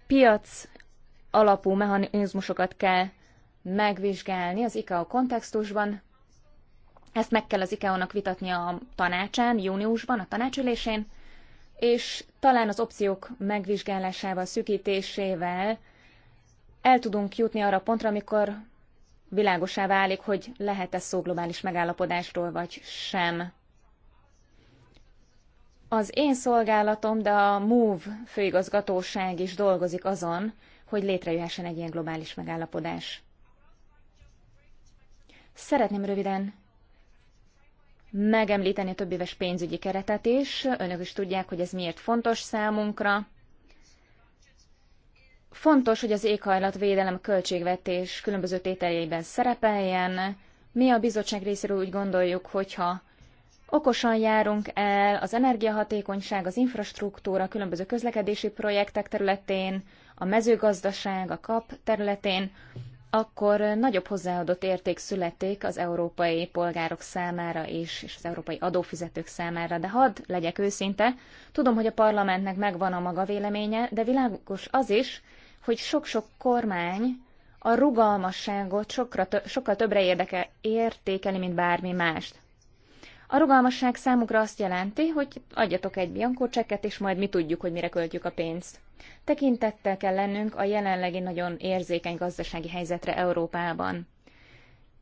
Speaker 4: piac alapú mechanizmusokat kell megvizsgálni az ICAO kontextusban. Ezt meg kell az ICAO-nak vitatnia a tanácsán, júniusban, a tanácsülésén, és talán az opciók megvizsgálásával, szűkítésével el tudunk jutni arra pontra, amikor világosá válik, hogy lehet-e szó globális megállapodásról, vagy sem. Az én szolgálatom, de a MOVE főigazgatóság is dolgozik azon, hogy létrejöhessen egy ilyen globális megállapodás. Szeretném röviden megemlíteni a többéves pénzügyi keretet is. Önök is tudják, hogy ez miért fontos számunkra. Fontos, hogy az éghajlatvédelem költségvetés különböző tételjeiben szerepeljen. Mi a bizottság részéről úgy gondoljuk, hogyha okosan járunk el az energiahatékonyság, az infrastruktúra, különböző közlekedési projektek területén, a mezőgazdaság, a kap területén, akkor nagyobb hozzáadott érték születik az európai polgárok számára is, és az európai adófizetők számára. De hadd legyek őszinte, tudom, hogy a parlamentnek megvan a maga véleménye, de világos az is, hogy sok-sok kormány a rugalmasságot sokra, sokkal többre érdeke, értékeli, mint bármi mást. A rugalmasság számukra azt jelenti, hogy adjatok egy biankó csekket, és majd mi tudjuk, hogy mire költjük a pénzt. Tekintettel kell lennünk a jelenlegi nagyon érzékeny gazdasági helyzetre Európában.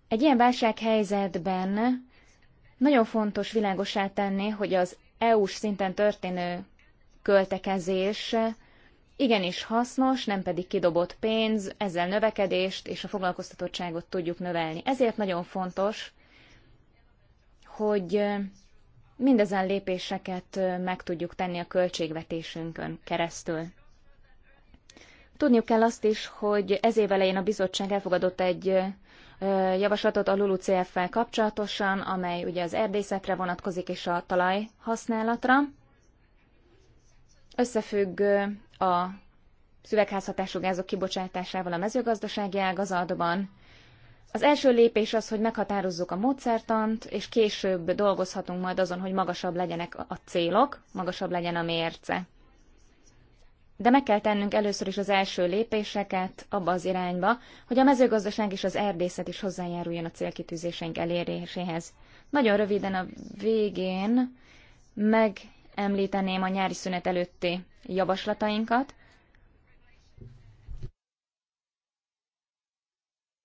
Speaker 4: Egy ilyen válsághelyzetben nagyon fontos világosá tenni, hogy az EU-s szinten történő költekezés igenis hasznos, nem pedig kidobott pénz, ezzel növekedést és a foglalkoztatottságot tudjuk növelni. Ezért nagyon fontos, hogy mindezen lépéseket meg tudjuk tenni a költségvetésünkön keresztül. Tudniuk kell azt is, hogy ez év elején a bizottság elfogadott egy javaslatot a LULUCF-fel kapcsolatosan, amely ugye az erdészetre vonatkozik és a talajhasználatra. Összefügg a szüvegházhatású gázok kibocsátásával a mezőgazdasági ágazatban, az első lépés az, hogy meghatározzuk a módszertant, és később dolgozhatunk majd azon, hogy magasabb legyenek a célok, magasabb legyen a mérce. De meg kell tennünk először is az első lépéseket abba az irányba, hogy a mezőgazdaság és az erdészet is hozzájáruljon a célkitűzéseink eléréséhez. Nagyon röviden a végén megemlíteném a nyári szünet előtti javaslatainkat.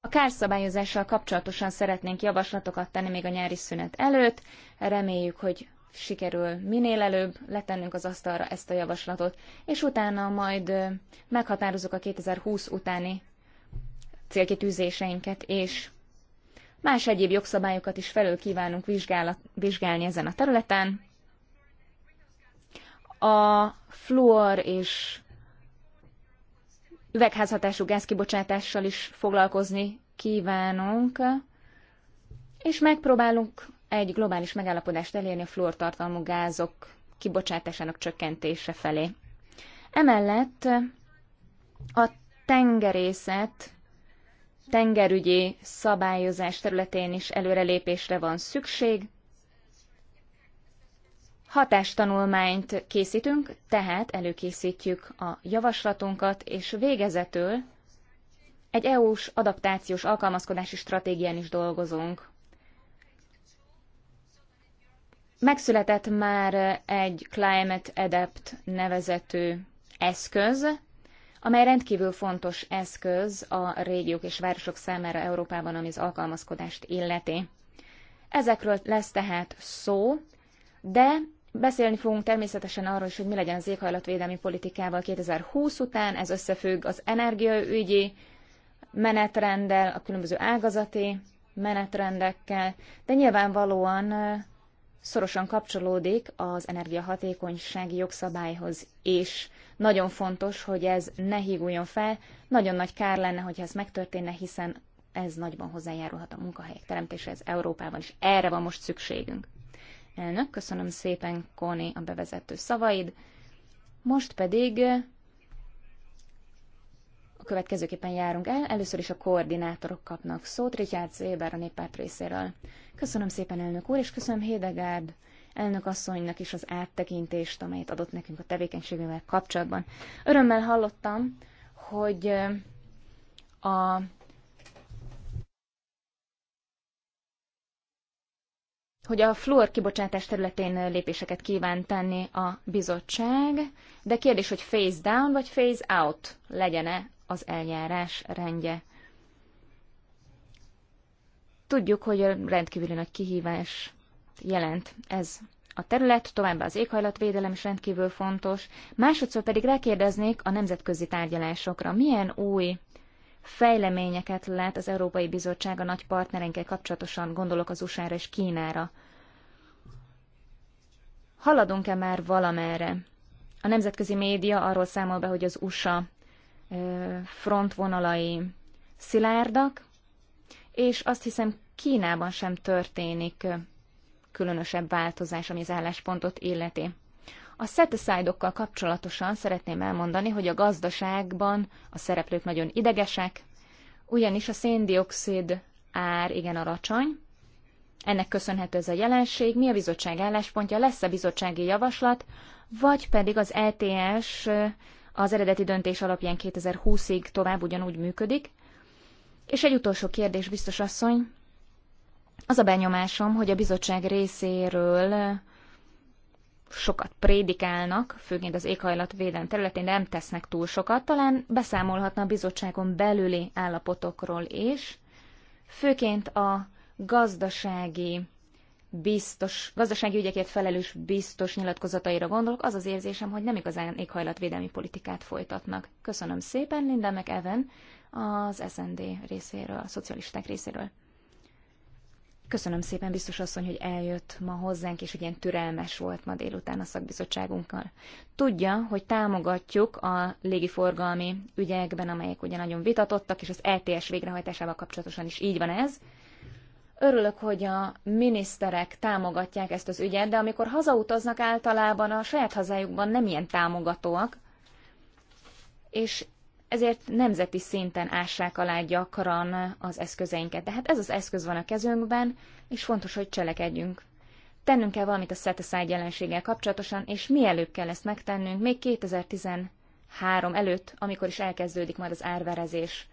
Speaker 4: A kárszabályozással kapcsolatosan szeretnénk javaslatokat tenni még a nyári szünet előtt. Reméljük, hogy sikerül minél előbb letennünk az asztalra ezt a javaslatot, és utána majd meghatározok a 2020 utáni célkitűzéseinket, és más egyéb jogszabályokat is felül kívánunk vizsgálni ezen a területen. A fluor és üvegházhatású gázkibocsátással is foglalkozni kívánunk, és megpróbálunk egy globális megállapodást elérni a fluortartalmú gázok kibocsátásának csökkentése felé. Emellett a tengerészet tengerügyi szabályozás területén is előrelépésre van szükség, Hatástanulmányt készítünk, tehát előkészítjük a javaslatunkat, és végezetül egy EU-s adaptációs alkalmazkodási stratégián is dolgozunk. Megszületett már egy Climate Adapt nevezető eszköz, amely rendkívül fontos eszköz a régiók és városok számára Európában, ami az alkalmazkodást illeti. Ezekről lesz tehát szó, de Beszélni fogunk természetesen arról is, hogy mi legyen az éghajlatvédelmi politikával 2020 után, ez összefügg az energiaügyi menetrenddel, a különböző ágazati menetrendekkel, de nyilvánvalóan szorosan kapcsolódik az energiahatékonysági jogszabályhoz és Nagyon fontos, hogy ez ne híguljon fel, nagyon nagy kár lenne, hogyha ez megtörténne, hiszen ez nagyban hozzájárulhat a munkahelyek teremtéséhez Európában, és erre van most szükségünk. Elnök, köszönöm szépen, Koni, a bevezető szavaid. Most pedig a következőképpen járunk el. Először is a koordinátorok kapnak szót, Richard Zéber a néppárt részéről. Köszönöm szépen, elnök úr, és köszönöm Hédegárd elnök asszonynak is az áttekintést, amelyet adott nekünk a tevékenységével kapcsolatban. Örömmel hallottam, hogy a hogy a fluor kibocsátás területén lépéseket kíván tenni a bizottság, de kérdés, hogy phase down vagy phase out legyen-e az eljárás rendje. Tudjuk, hogy rendkívüli nagy kihívás jelent ez a terület, továbbá az éghajlatvédelem is rendkívül fontos. Másodszor pedig rákérdeznék a nemzetközi tárgyalásokra. Milyen új fejleményeket lát az Európai Bizottság a nagy partnereinkkel kapcsolatosan, gondolok az USA-ra és Kínára. Haladunk-e már valamerre? A nemzetközi média arról számol be, hogy az USA frontvonalai szilárdak, és azt hiszem Kínában sem történik különösebb változás, ami az álláspontot illeti. A set kapcsolatosan szeretném elmondani, hogy a gazdaságban a szereplők nagyon idegesek, ugyanis a széndiokszid ár igen alacsony, ennek köszönhető ez a jelenség, mi a bizottság álláspontja, lesz-e bizottsági javaslat, vagy pedig az ETS az eredeti döntés alapján 2020-ig tovább ugyanúgy működik. És egy utolsó kérdés, biztos asszony. Az a benyomásom, hogy a bizottság részéről sokat prédikálnak, főként az éghajlatvédelem területén, de nem tesznek túl sokat. Talán beszámolhatna a bizottságon belüli állapotokról is, főként a gazdasági biztos, gazdasági ügyekért felelős biztos nyilatkozataira gondolok, az az érzésem, hogy nem igazán éghajlatvédelmi politikát folytatnak. Köszönöm szépen, Linda meg Evan az SND részéről, a szocialisták részéről. Köszönöm szépen, biztos asszony, hogy eljött ma hozzánk, és hogy ilyen türelmes volt ma délután a szakbizottságunkkal. Tudja, hogy támogatjuk a légiforgalmi ügyekben, amelyek ugye nagyon vitatottak, és az LTS e végrehajtásával kapcsolatosan is így van ez. Örülök, hogy a miniszterek támogatják ezt az ügyet, de amikor hazautaznak általában a saját hazájukban nem ilyen támogatóak, és ezért nemzeti szinten ássák alá gyakran az eszközeinket. De hát ez az eszköz van a kezünkben, és fontos, hogy cselekedjünk. Tennünk kell valamit a szeteszágy jelenséggel kapcsolatosan, és mielőbb kell ezt megtennünk, még 2013 előtt, amikor is elkezdődik majd az árverezés.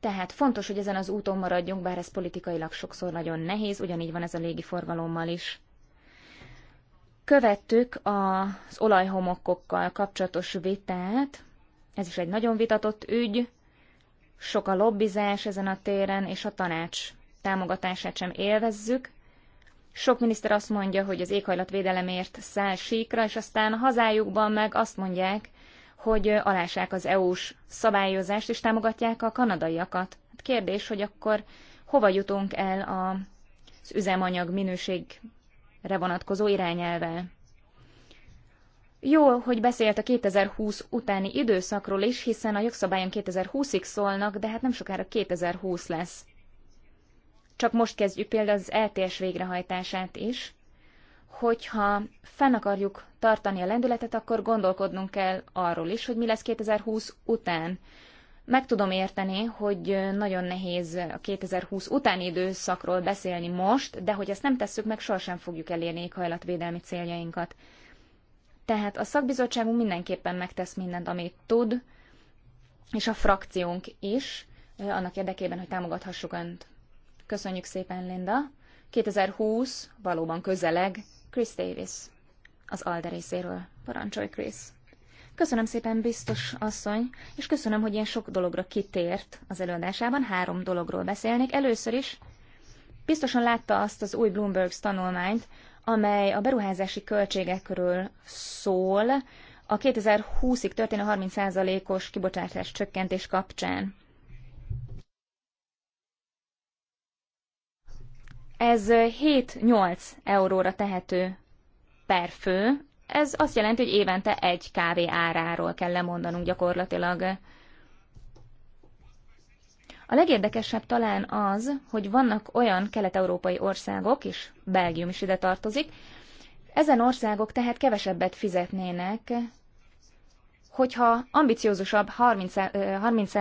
Speaker 4: Tehát fontos, hogy ezen az úton maradjunk, bár ez politikailag sokszor nagyon nehéz, ugyanígy van ez a légiforgalommal is. Követtük az olajhomokokkal kapcsolatos vitát, ez is egy nagyon vitatott ügy, sok a lobbizás ezen a téren, és a tanács támogatását sem élvezzük. Sok miniszter azt mondja, hogy az éghajlatvédelemért száll síkra, és aztán a hazájukban meg azt mondják, hogy alásák az EU-s szabályozást, és támogatják a kanadaiakat. Hát kérdés, hogy akkor hova jutunk el az üzemanyag minőségre vonatkozó irányelvel. Jó, hogy beszélt a 2020 utáni időszakról is, hiszen a jogszabályon 2020-ig szólnak, de hát nem sokára 2020 lesz. Csak most kezdjük például az LTS végrehajtását is. Hogyha fenn akarjuk tartani a lendületet, akkor gondolkodnunk kell arról is, hogy mi lesz 2020 után. Meg tudom érteni, hogy nagyon nehéz a 2020 utáni időszakról beszélni most, de hogy ezt nem tesszük meg, sohasem fogjuk elérni éghajlatvédelmi céljainkat. Tehát a szakbizottságunk mindenképpen megtesz mindent, amit tud, és a frakciónk is, annak érdekében, hogy támogathassuk Önt. Köszönjük szépen, Linda. 2020 valóban közeleg Chris Davis az ALDE részéről. Parancsolj, Chris! Köszönöm szépen, biztos asszony, és köszönöm, hogy ilyen sok dologra kitért az előadásában. Három dologról beszélnék. Először is biztosan látta azt az új Bloomberg tanulmányt, amely a beruházási költségekről szól a 2020-ig történő 30%-os kibocsátás csökkentés kapcsán. Ez 7-8 euróra tehető per fő, ez azt jelenti, hogy évente egy kávé áráról kell lemondanunk gyakorlatilag a legérdekesebb talán az, hogy vannak olyan kelet-európai országok, és Belgium is ide tartozik, ezen országok tehát kevesebbet fizetnének, hogyha ambiciózusabb 30%-os eh, 30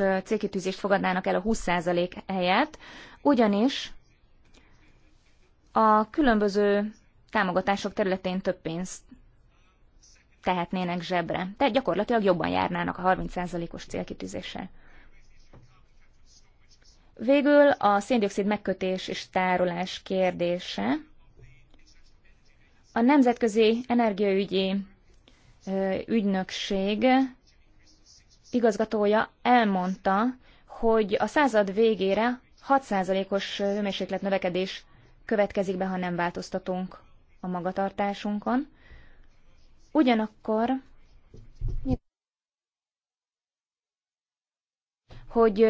Speaker 4: eh, célkitűzést fogadnának el a 20% helyett, ugyanis a különböző támogatások területén több pénzt tehetnének zsebre. Tehát gyakorlatilag jobban járnának a 30%-os célkitűzéssel. Végül a széndiokszid megkötés és tárolás kérdése. A Nemzetközi Energiaügyi Ügynökség igazgatója elmondta, hogy a század végére 6%-os hőmérséklet növekedés következik be, ha nem változtatunk a magatartásunkon. Ugyanakkor, hogy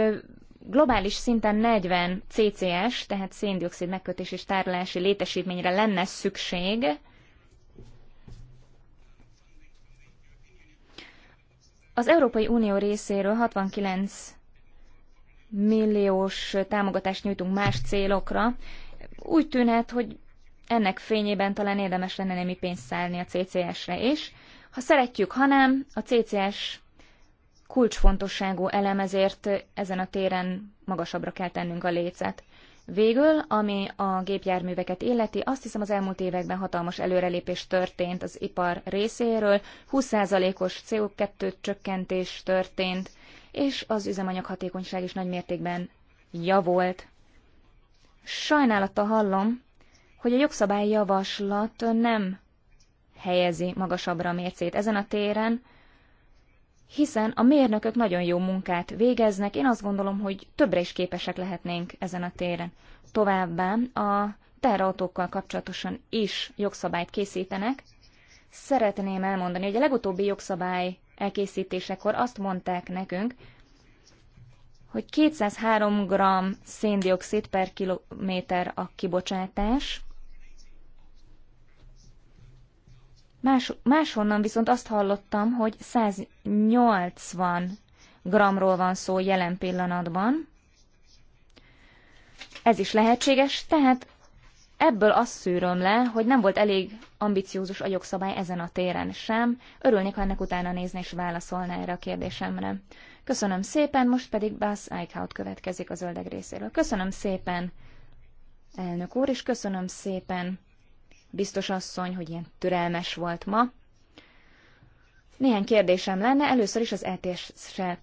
Speaker 4: globális szinten 40 CCS, tehát széndiokszid megkötés és tárolási létesítményre lenne szükség, Az Európai Unió részéről 69 milliós támogatást nyújtunk más célokra. Úgy tűnhet, hogy ennek fényében talán érdemes lenne némi pénzt szállni a CCS-re is. Ha szeretjük, ha nem, a CCS kulcsfontosságú elem, ezért ezen a téren magasabbra kell tennünk a lécet. Végül, ami a gépjárműveket illeti, azt hiszem az elmúlt években hatalmas előrelépés történt az ipar részéről, 20%-os CO2 csökkentés történt, és az üzemanyag hatékonyság is nagy mértékben javult. Sajnálattal hallom, hogy a jogszabály javaslat nem helyezi magasabbra a mércét ezen a téren, hiszen a mérnökök nagyon jó munkát végeznek, én azt gondolom, hogy többre is képesek lehetnénk ezen a téren. Továbbá a teherautókkal kapcsolatosan is jogszabályt készítenek. Szeretném elmondani, hogy a legutóbbi jogszabály elkészítésekor azt mondták nekünk, hogy 203 g széndiokszid per kilométer a kibocsátás, Más, máshonnan viszont azt hallottam, hogy 180 gramról van szó jelen pillanatban. Ez is lehetséges, tehát ebből azt szűröm le, hogy nem volt elég ambiciózus a jogszabály ezen a téren sem. Örülnék, ha ennek utána nézni és válaszolna erre a kérdésemre. Köszönöm szépen, most pedig Bass Eichhout következik a zöldeg részéről. Köszönöm szépen, elnök úr, és köszönöm szépen biztos asszony, hogy ilyen türelmes volt ma. Néhány kérdésem lenne, először is az ETS-sel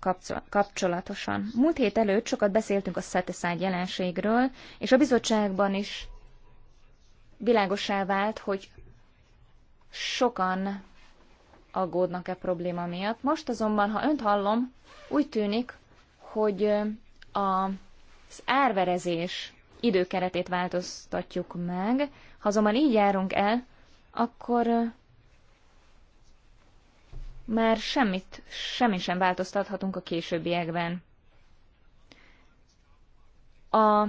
Speaker 4: kapcsolatosan. Múlt hét előtt sokat beszéltünk a szeteszágy jelenségről, és a bizottságban is világosá vált, hogy sokan aggódnak-e probléma miatt. Most azonban, ha önt hallom, úgy tűnik, hogy az árverezés időkeretét változtatjuk meg, ha azonban így járunk el, akkor már semmit, semmi sem változtathatunk a későbbiekben. A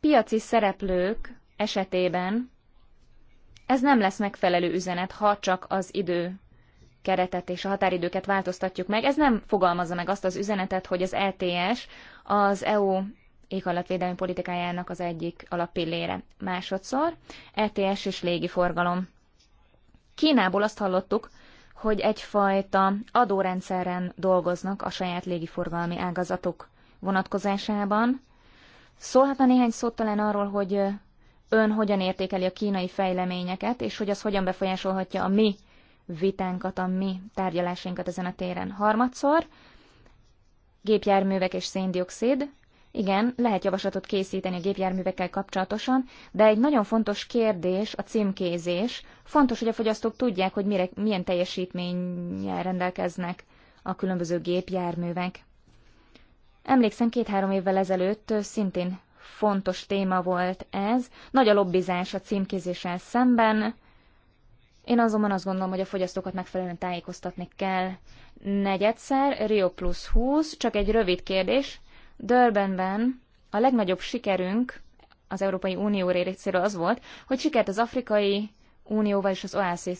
Speaker 4: piaci szereplők esetében ez nem lesz megfelelő üzenet, ha csak az idő keretet és a határidőket változtatjuk meg. Ez nem fogalmazza meg azt az üzenetet, hogy az LTS e az EU éghajlatvédelmi politikájának az egyik alappillére. Másodszor ETS és légiforgalom. Kínából azt hallottuk, hogy egyfajta adórendszeren dolgoznak a saját légiforgalmi ágazatok vonatkozásában. Szólhatna néhány szót talán arról, hogy ön hogyan értékeli a kínai fejleményeket, és hogy az hogyan befolyásolhatja a mi vitánkat, a mi tárgyalásainkat ezen a téren. Harmadszor, gépjárművek és széndiokszid. Igen, lehet javaslatot készíteni a gépjárművekkel kapcsolatosan, de egy nagyon fontos kérdés a címkézés. Fontos, hogy a fogyasztók tudják, hogy mire, milyen teljesítménnyel rendelkeznek a különböző gépjárművek. Emlékszem, két-három évvel ezelőtt szintén fontos téma volt ez. Nagy a lobbizás a címkézéssel szemben. Én azonban azt gondolom, hogy a fogyasztókat megfelelően tájékoztatni kell. Negyedszer, Rio plus 20, csak egy rövid kérdés. Durbanben a legnagyobb sikerünk az Európai Unió részéről az volt, hogy sikert az Afrikai Unióval és az Oasis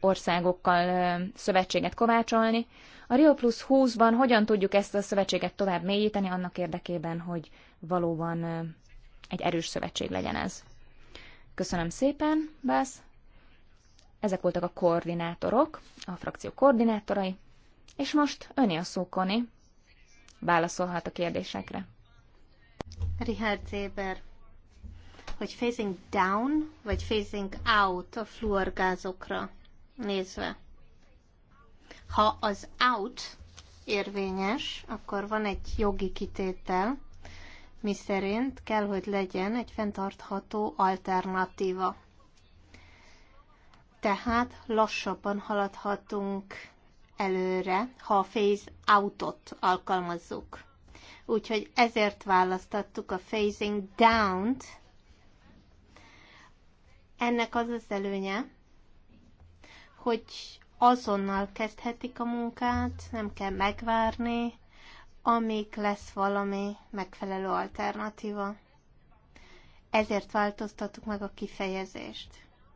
Speaker 4: országokkal szövetséget kovácsolni. A Rio Plus 20-ban hogyan tudjuk ezt a szövetséget tovább mélyíteni annak érdekében, hogy valóban egy erős szövetség legyen ez. Köszönöm szépen, Bász. Ezek voltak a koordinátorok, a frakció koordinátorai. És most öné a szó, Connie válaszolhat a kérdésekre.
Speaker 2: Richard Zéber, hogy facing down, vagy facing out a fluorgázokra nézve. Ha az out érvényes, akkor van egy jogi kitétel, mi szerint kell, hogy legyen egy fenntartható alternatíva. Tehát lassabban haladhatunk előre, ha a phase out-ot alkalmazzuk. Úgyhogy ezért választottuk a phasing down-t. Ennek az az előnye, hogy azonnal kezdhetik a munkát, nem kell megvárni, amíg lesz valami megfelelő alternatíva. Ezért változtattuk meg a kifejezést.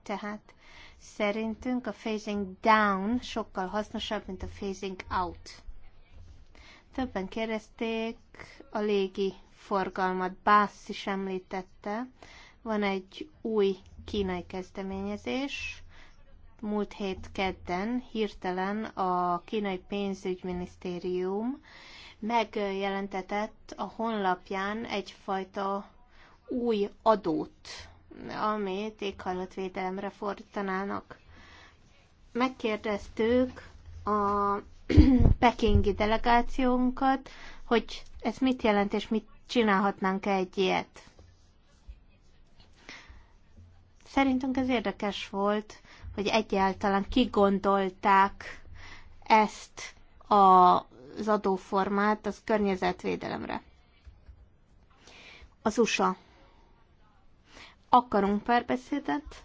Speaker 2: Tehát Szerintünk a phasing down sokkal hasznosabb, mint a phasing out. Többen kérdezték a légi forgalmat. Bász is említette. Van egy új kínai kezdeményezés. Múlt hét kedden hirtelen a kínai pénzügyminisztérium megjelentetett a honlapján egyfajta új adót amit védelemre fordítanának. Megkérdeztük a pekingi delegációnkat, hogy ez mit jelent, és mit csinálhatnánk -e egy ilyet. Szerintünk ez érdekes volt, hogy egyáltalán kigondolták ezt az adóformát az környezetvédelemre. Az USA akarunk párbeszédet,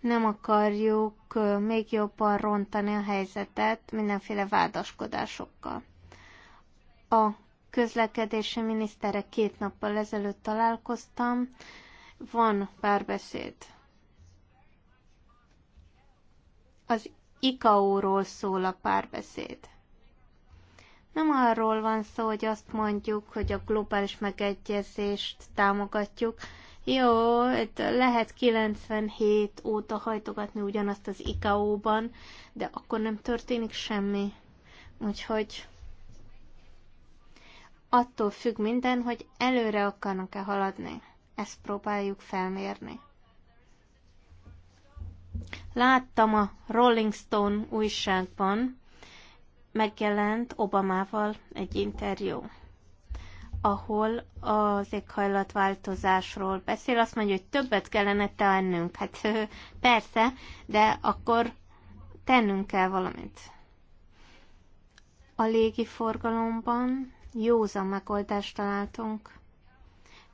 Speaker 2: nem akarjuk még jobban rontani a helyzetet mindenféle vádaskodásokkal. A közlekedési minisztere két nappal ezelőtt találkoztam, van párbeszéd. Az ICAO-ról szól a párbeszéd. Nem arról van szó, hogy azt mondjuk, hogy a globális megegyezést támogatjuk. Jó, lehet 97 óta hajtogatni ugyanazt az ICAO-ban, de akkor nem történik semmi. Úgyhogy attól függ minden, hogy előre akarnak-e haladni. Ezt próbáljuk felmérni. Láttam a Rolling Stone újságban, megjelent Obamával egy interjú, ahol az éghajlatváltozásról beszél, azt mondja, hogy többet kellene tennünk. Hát persze, de akkor tennünk kell valamit. A légiforgalomban józan megoldást találtunk.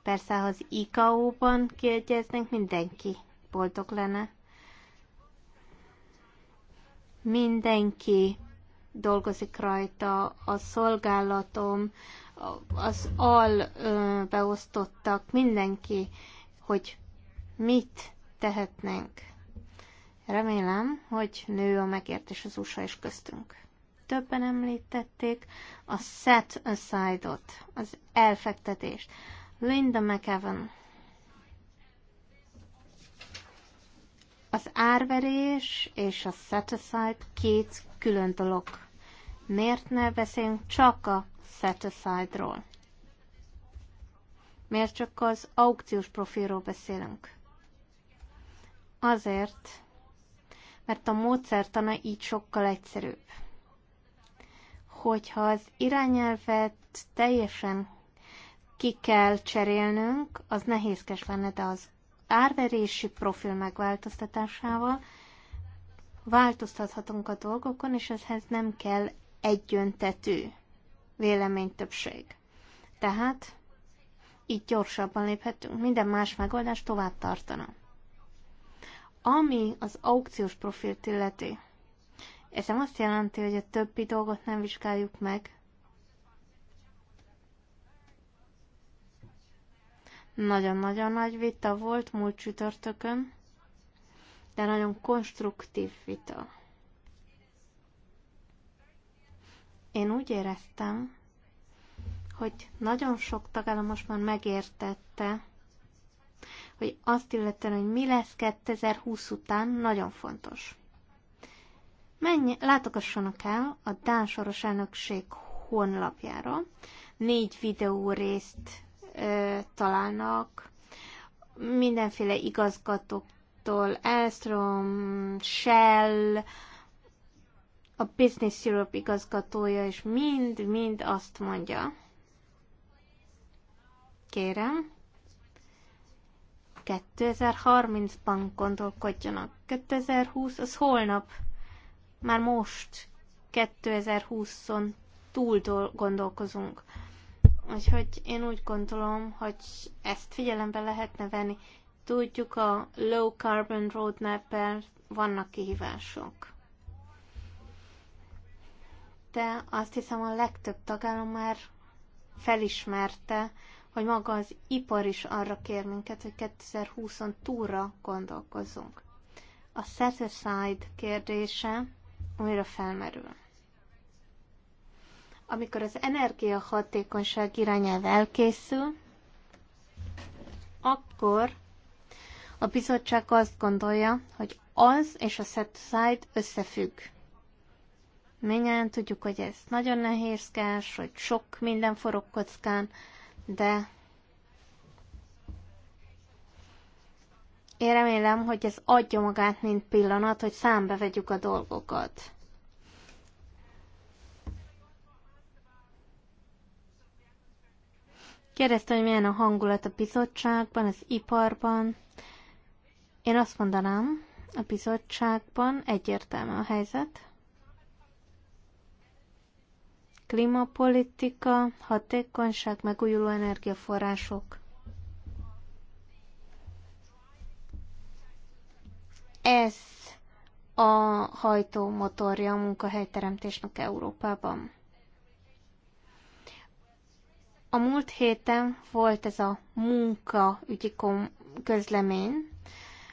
Speaker 2: Persze, ha az ICAO-ban kiegyeznénk, mindenki boldog lenne. Mindenki dolgozik rajta, a szolgálatom, az al beosztottak, mindenki, hogy mit tehetnénk. Remélem, hogy nő a megértés az USA és köztünk. Többen említették a set aside-ot, az elfektetést. Linda McEwan Az árverés és a set aside két külön dolog. Miért ne beszéljünk csak a set aside-ról? Miért csak az aukciós profilról beszélünk? Azért, mert a módszertana így sokkal egyszerűbb. Hogyha az irányelvet teljesen ki kell cserélnünk, az nehézkes lenne, de az árverési profil megváltoztatásával változtathatunk a dolgokon, és ezhez nem kell egyöntetű véleménytöbbség. Tehát így gyorsabban léphetünk. Minden más megoldás tovább tartana. Ami az aukciós profilt illeti, ez nem azt jelenti, hogy a többi dolgot nem vizsgáljuk meg, Nagyon-nagyon nagy vita volt múlt csütörtökön, de nagyon konstruktív vita. Én úgy éreztem, hogy nagyon sok tagállam most már megértette, hogy azt illetően, hogy mi lesz 2020 után, nagyon fontos. Menj, látogassanak el a Dán Soros Elnökség honlapjára. Négy videó részt találnak, mindenféle igazgatóktól, Elstrom, Shell, a Business Europe igazgatója, és mind-mind azt mondja, kérem, 2030-ban gondolkodjanak. 2020 az holnap, már most 2020-on túl gondolkozunk. Úgyhogy én úgy gondolom, hogy ezt figyelembe lehetne venni. Tudjuk, a low carbon roadmap vannak kihívások. De azt hiszem a legtöbb tagállam már felismerte, hogy maga az ipar is arra kér minket, hogy 2020-on túlra gondolkozzunk. A set aside kérdése újra felmerül. Amikor az energiahatékonyság irányelv elkészül, akkor a bizottság azt gondolja, hogy az és a set aside összefügg. Mindjárt tudjuk, hogy ez nagyon nehézkes, hogy sok minden forog kockán, de én remélem, hogy ez adja magát, mint pillanat, hogy számbe vegyük a dolgokat. Kérdezte, hogy milyen a hangulat a bizottságban, az iparban. Én azt mondanám, a bizottságban egyértelmű a helyzet. Klimapolitika, hatékonyság, megújuló energiaforrások. Ez a hajtómotorja a munkahelyteremtésnek Európában. A múlt héten volt ez a munkaügyi közlemény,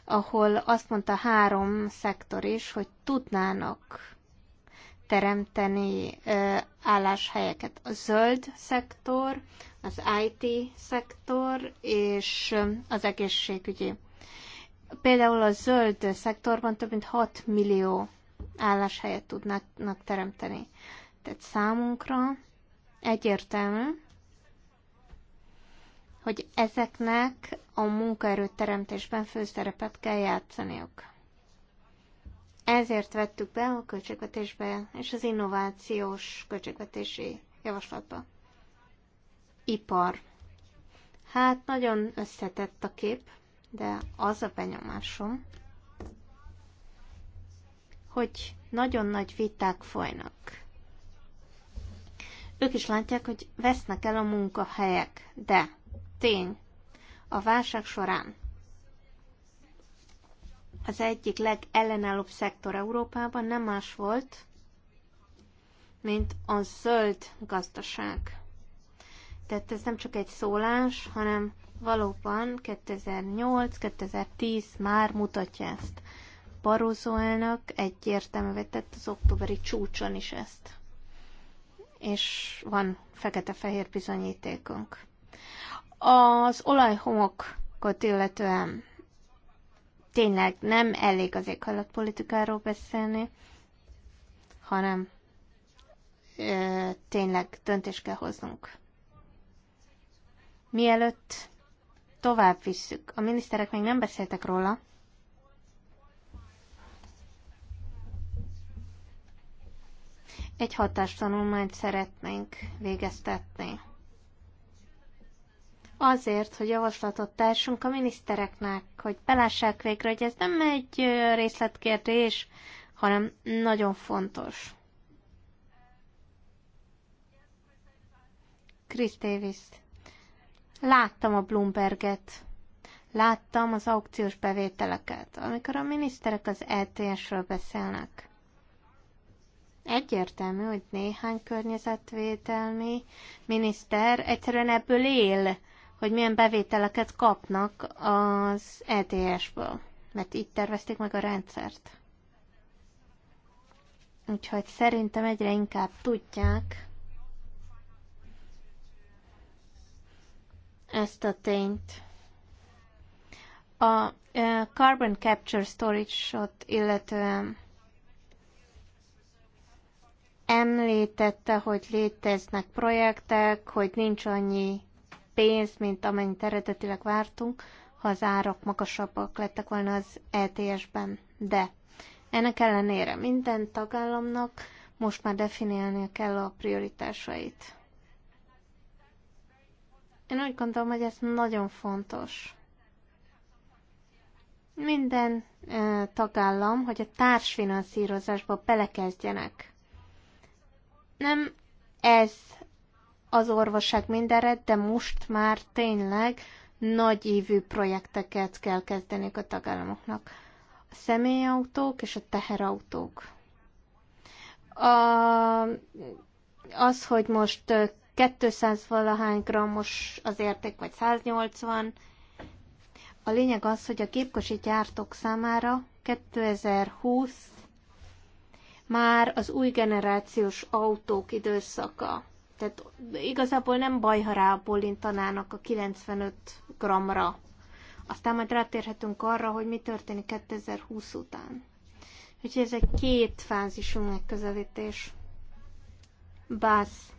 Speaker 2: ahol azt mondta három szektor is, hogy tudnának teremteni álláshelyeket. A zöld szektor, az IT szektor és az egészségügyi. Például a zöld szektorban több mint 6 millió álláshelyet tudnának teremteni. Tehát számunkra egyértelmű, hogy ezeknek a munkaerőteremtésben főszerepet kell játszaniuk. Ezért vettük be a költségvetésbe és az innovációs költségvetési javaslatba. Ipar. Hát nagyon összetett a kép, de az a benyomásom, hogy nagyon nagy viták folynak. Ők is látják, hogy vesznek el a munkahelyek, de tény. A válság során az egyik legellenállóbb szektor Európában nem más volt, mint a zöld gazdaság. Tehát ez nem csak egy szólás, hanem valóban 2008-2010 már mutatja ezt. Barroso elnök egyértelmű vetett az októberi csúcson is ezt. És van fekete-fehér bizonyítékunk. Az olajhomokat illetően tényleg nem elég az éghajlatpolitikáról beszélni, hanem ö, tényleg döntést kell hoznunk. Mielőtt tovább visszük, a miniszterek még nem beszéltek róla, egy hatástanulmányt szeretnénk végeztetni azért, hogy javaslatot társunk a minisztereknek, hogy belássák végre, hogy ez nem egy részletkérdés, hanem nagyon fontos. Chris Davis. Láttam a Bloomberget. Láttam az aukciós bevételeket, amikor a miniszterek az ETS-ről beszélnek. Egyértelmű, hogy néhány környezetvédelmi miniszter egyszerűen ebből él, hogy milyen bevételeket kapnak az ETS-ből, mert így tervezték meg a rendszert. Úgyhogy szerintem egyre inkább tudják ezt a tényt. A Carbon Capture Storage-ot illetően említette, hogy léteznek projektek, hogy nincs annyi pénzt, mint amennyit eredetileg vártunk, ha az árak magasabbak lettek volna az ETS-ben. De ennek ellenére minden tagállamnak most már definiálnia kell a prioritásait. Én úgy gondolom, hogy ez nagyon fontos. Minden ö, tagállam, hogy a társfinanszírozásba belekezdjenek. Nem ez az orvosság mindenre, de most már tényleg nagy évű projekteket kell kezdeniük a tagállamoknak. A személyautók és a teherautók. A, az, hogy most 200 valahány grammos az érték, vagy 180, a lényeg az, hogy a képkosi gyártók számára 2020 már az új generációs autók időszaka. Tehát igazából nem baj, ha rábólintanának a 95 gramra. Aztán majd rátérhetünk arra, hogy mi történik 2020 után. Úgyhogy ez egy két fázisú megközelítés. Bász.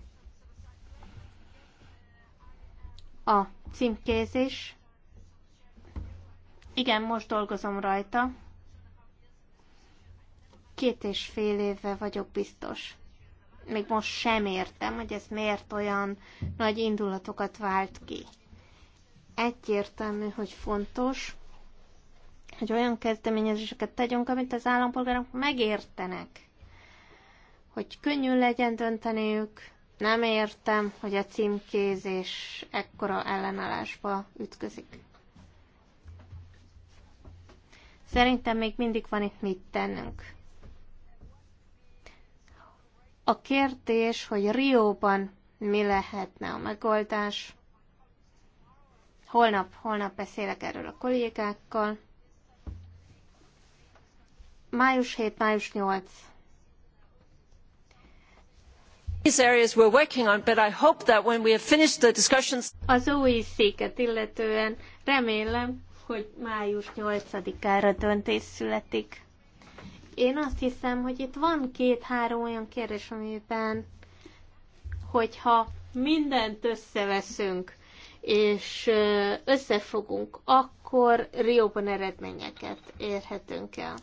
Speaker 2: A címkézés. Igen, most dolgozom rajta. Két és fél éve vagyok biztos még most sem értem, hogy ez miért olyan nagy indulatokat vált ki. Egyértelmű, hogy fontos, hogy olyan kezdeményezéseket tegyünk, amit az állampolgárok megértenek. Hogy könnyű legyen dönteniük, nem értem, hogy a címkézés ekkora ellenállásba ütközik. Szerintem még mindig van itt mit tennünk. A kérdés, hogy Rióban mi lehetne a megoldás. Holnap, holnap beszélek erről a kollégákkal. Május 7, május 8. These areas we're working on, but I hope that when we have finished the discussions... Az új széket e illetően remélem, hogy május 8-ára döntés születik én azt hiszem, hogy itt van két-három olyan kérdés, amiben, hogyha mindent összeveszünk, és összefogunk, akkor Rióban eredményeket érhetünk el.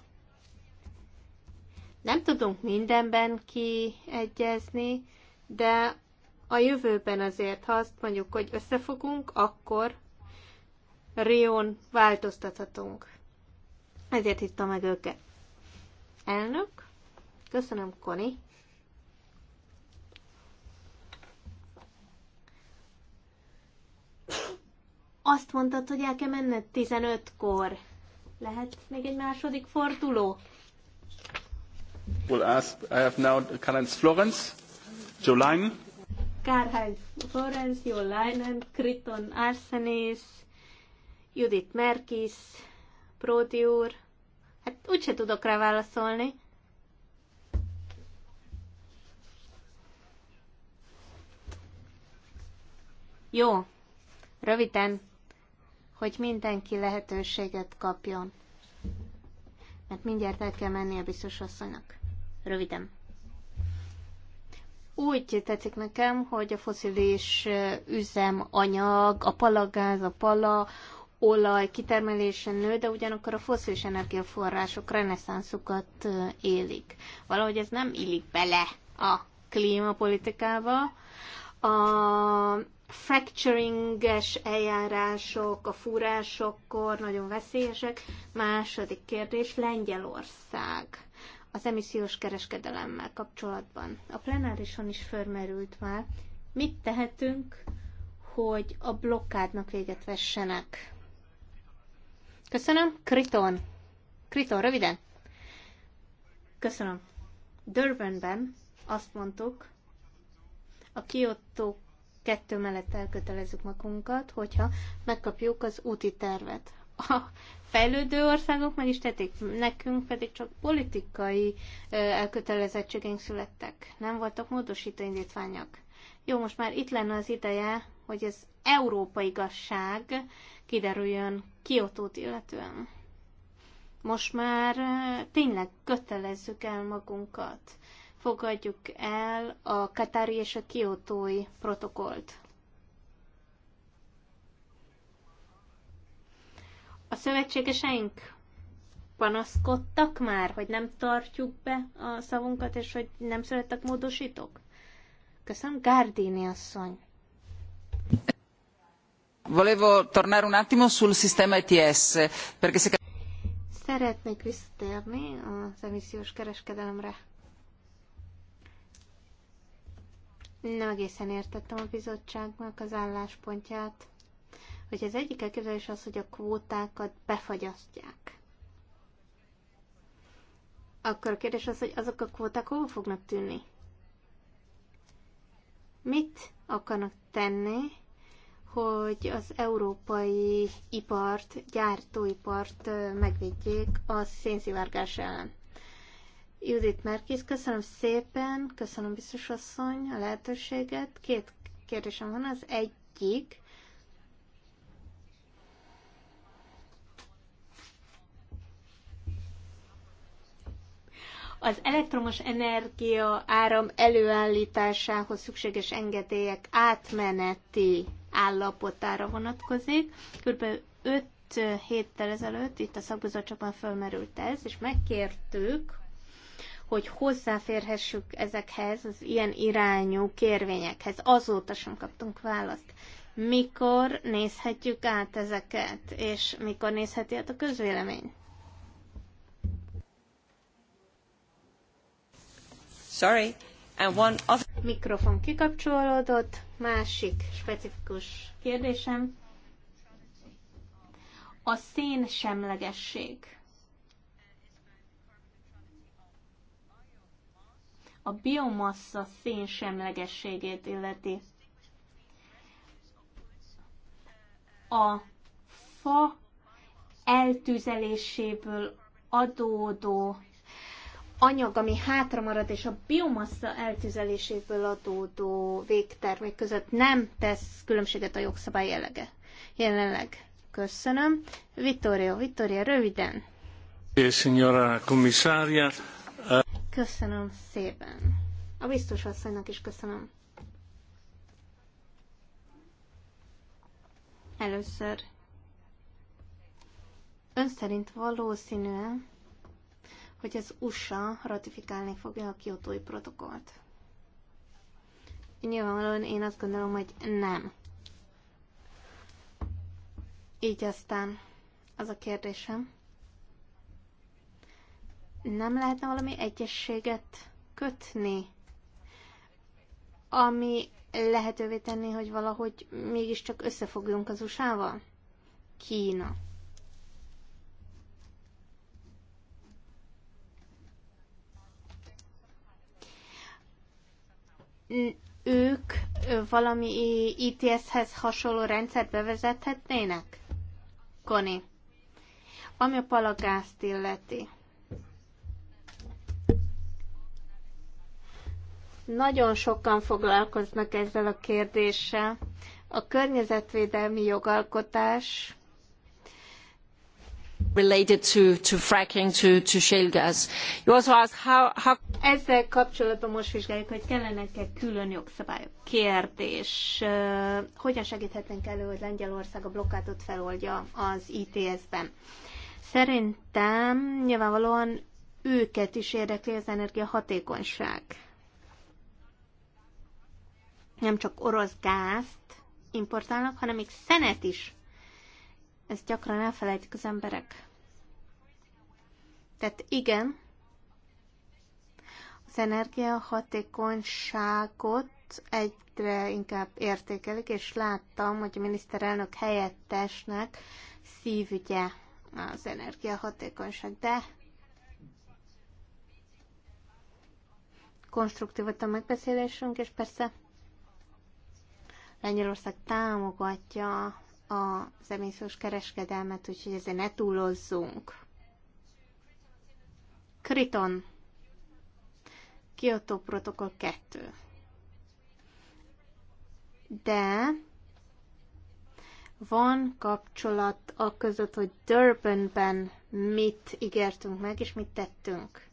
Speaker 2: Nem tudunk mindenben kiegyezni, de a jövőben azért, ha azt mondjuk, hogy összefogunk, akkor Rion változtathatunk. Ezért hittem meg őket. Elnök, köszönöm, Koni. Azt mondtad, hogy el kell menned 15-kor. Lehet még egy második forduló?
Speaker 1: We'll ask, I have now Karenz Florence, Jolainen.
Speaker 2: karl Florence, Jolainen, Kriton Arsenis, Judith Merkis, Prodi úr. Hát úgyse tudok rá válaszolni. Jó, röviden, hogy mindenki lehetőséget kapjon. Mert mindjárt el kell menni a biztos asszonynak. Röviden. Úgy tetszik nekem, hogy a foszilis üzemanyag, a palagáz, a pala, olaj kitermelése nő, de ugyanakkor a foszilis energiaforrások reneszánszukat élik. Valahogy ez nem illik bele a klímapolitikába. A fracturinges eljárások, a fúrásokkor nagyon veszélyesek. Második kérdés, Lengyelország az emissziós kereskedelemmel kapcsolatban. A plenárison is fölmerült már, mit tehetünk, hogy a blokkádnak véget vessenek. Köszönöm. Kriton. Kriton, röviden. Köszönöm. Durbanben azt mondtuk, a Kyoto kettő mellett elkötelezzük magunkat, hogyha megkapjuk az úti tervet. A fejlődő országok meg is tették, nekünk pedig csak politikai elkötelezettségünk születtek. Nem voltak módosító indítványok. Jó, most már itt lenne az ideje, hogy az európai igazság kiderüljön Kiotót illetően. Most már tényleg kötelezzük el magunkat. Fogadjuk el a Katári és a Kiotói protokolt. A szövetségeseink panaszkodtak már, hogy nem tartjuk be a szavunkat, és hogy nem születtek módosítók? Köszönöm, Gárdini asszony.
Speaker 3: Volevo tornare un attimo sul sistema ETS, perché se...
Speaker 2: Szeretnék visszatérni az emissziós kereskedelemre. Nem egészen értettem a bizottságnak az álláspontját, hogy az egyik elképzelés az, hogy a kvótákat befagyasztják. Akkor a kérdés az, hogy azok a kvóták hova fognak tűnni? Mit akarnak tenni, hogy az európai ipart, gyártóipart megvédjék a szénszivárgás ellen. Judit Merkis, köszönöm szépen, köszönöm biztos asszony a lehetőséget. Két kérdésem van, az egyik, az elektromos energia áram előállításához szükséges engedélyek átmeneti állapotára vonatkozik. Kb. 5 héttel ezelőtt itt a szakbizottságban felmerült ez, és megkértük, hogy hozzáférhessük ezekhez az ilyen irányú kérvényekhez. Azóta sem kaptunk választ. Mikor nézhetjük át ezeket, és mikor nézheti át a közvélemény?
Speaker 3: sorry, and
Speaker 2: one other... Mikrofon kikapcsolódott, másik specifikus kérdésem. A szén semlegesség. A biomassa szén semlegességét illeti. A fa eltűzeléséből adódó anyag, ami hátra marad, és a biomassa eltüzeléséből adódó végtermék között nem tesz különbséget a jogszabály jellege. Jelenleg. Köszönöm. Vittorio, Vittoria, röviden. Köszönöm szépen. A biztos asszonynak is köszönöm. Először. Ön szerint valószínűen hogy az USA ratifikálni fogja a kiotói protokollt. Nyilvánvalóan én azt gondolom, hogy nem. Így aztán az a kérdésem. Nem lehetne valami egyességet kötni, ami lehetővé tenni, hogy valahogy mégiscsak összefogjunk az USA-val? Kína. ők valami ITS-hez e hasonló rendszert bevezethetnének? Koni. Ami a palagázt illeti. Nagyon sokan foglalkoznak ezzel a kérdéssel. A környezetvédelmi jogalkotás
Speaker 4: related to, to fracking, to, to shale gas. You
Speaker 2: also asked how, how... Ezzel kapcsolatban most vizsgáljuk, hogy kellenek-e külön jogszabályok. Kérdés, hogyan segíthetnénk elő, hogy Lengyelország a blokkátot feloldja az ITS-ben? Szerintem nyilvánvalóan őket is érdekli az energiahatékonyság. Nem csak orosz gázt importálnak, hanem még szenet is ezt gyakran elfelejtik az emberek. Tehát igen, az energiahatékonyságot egyre inkább értékelik, és láttam, hogy a miniszterelnök helyettesnek szívügye az energiahatékonyság, de konstruktív volt a megbeszélésünk, és persze Lengyelország támogatja a emissziós kereskedelmet, úgyhogy ezért ne túlozzunk. Kriton. Kyoto protokoll 2. De van kapcsolat a között, hogy Durbanben mit ígértünk meg, és mit tettünk.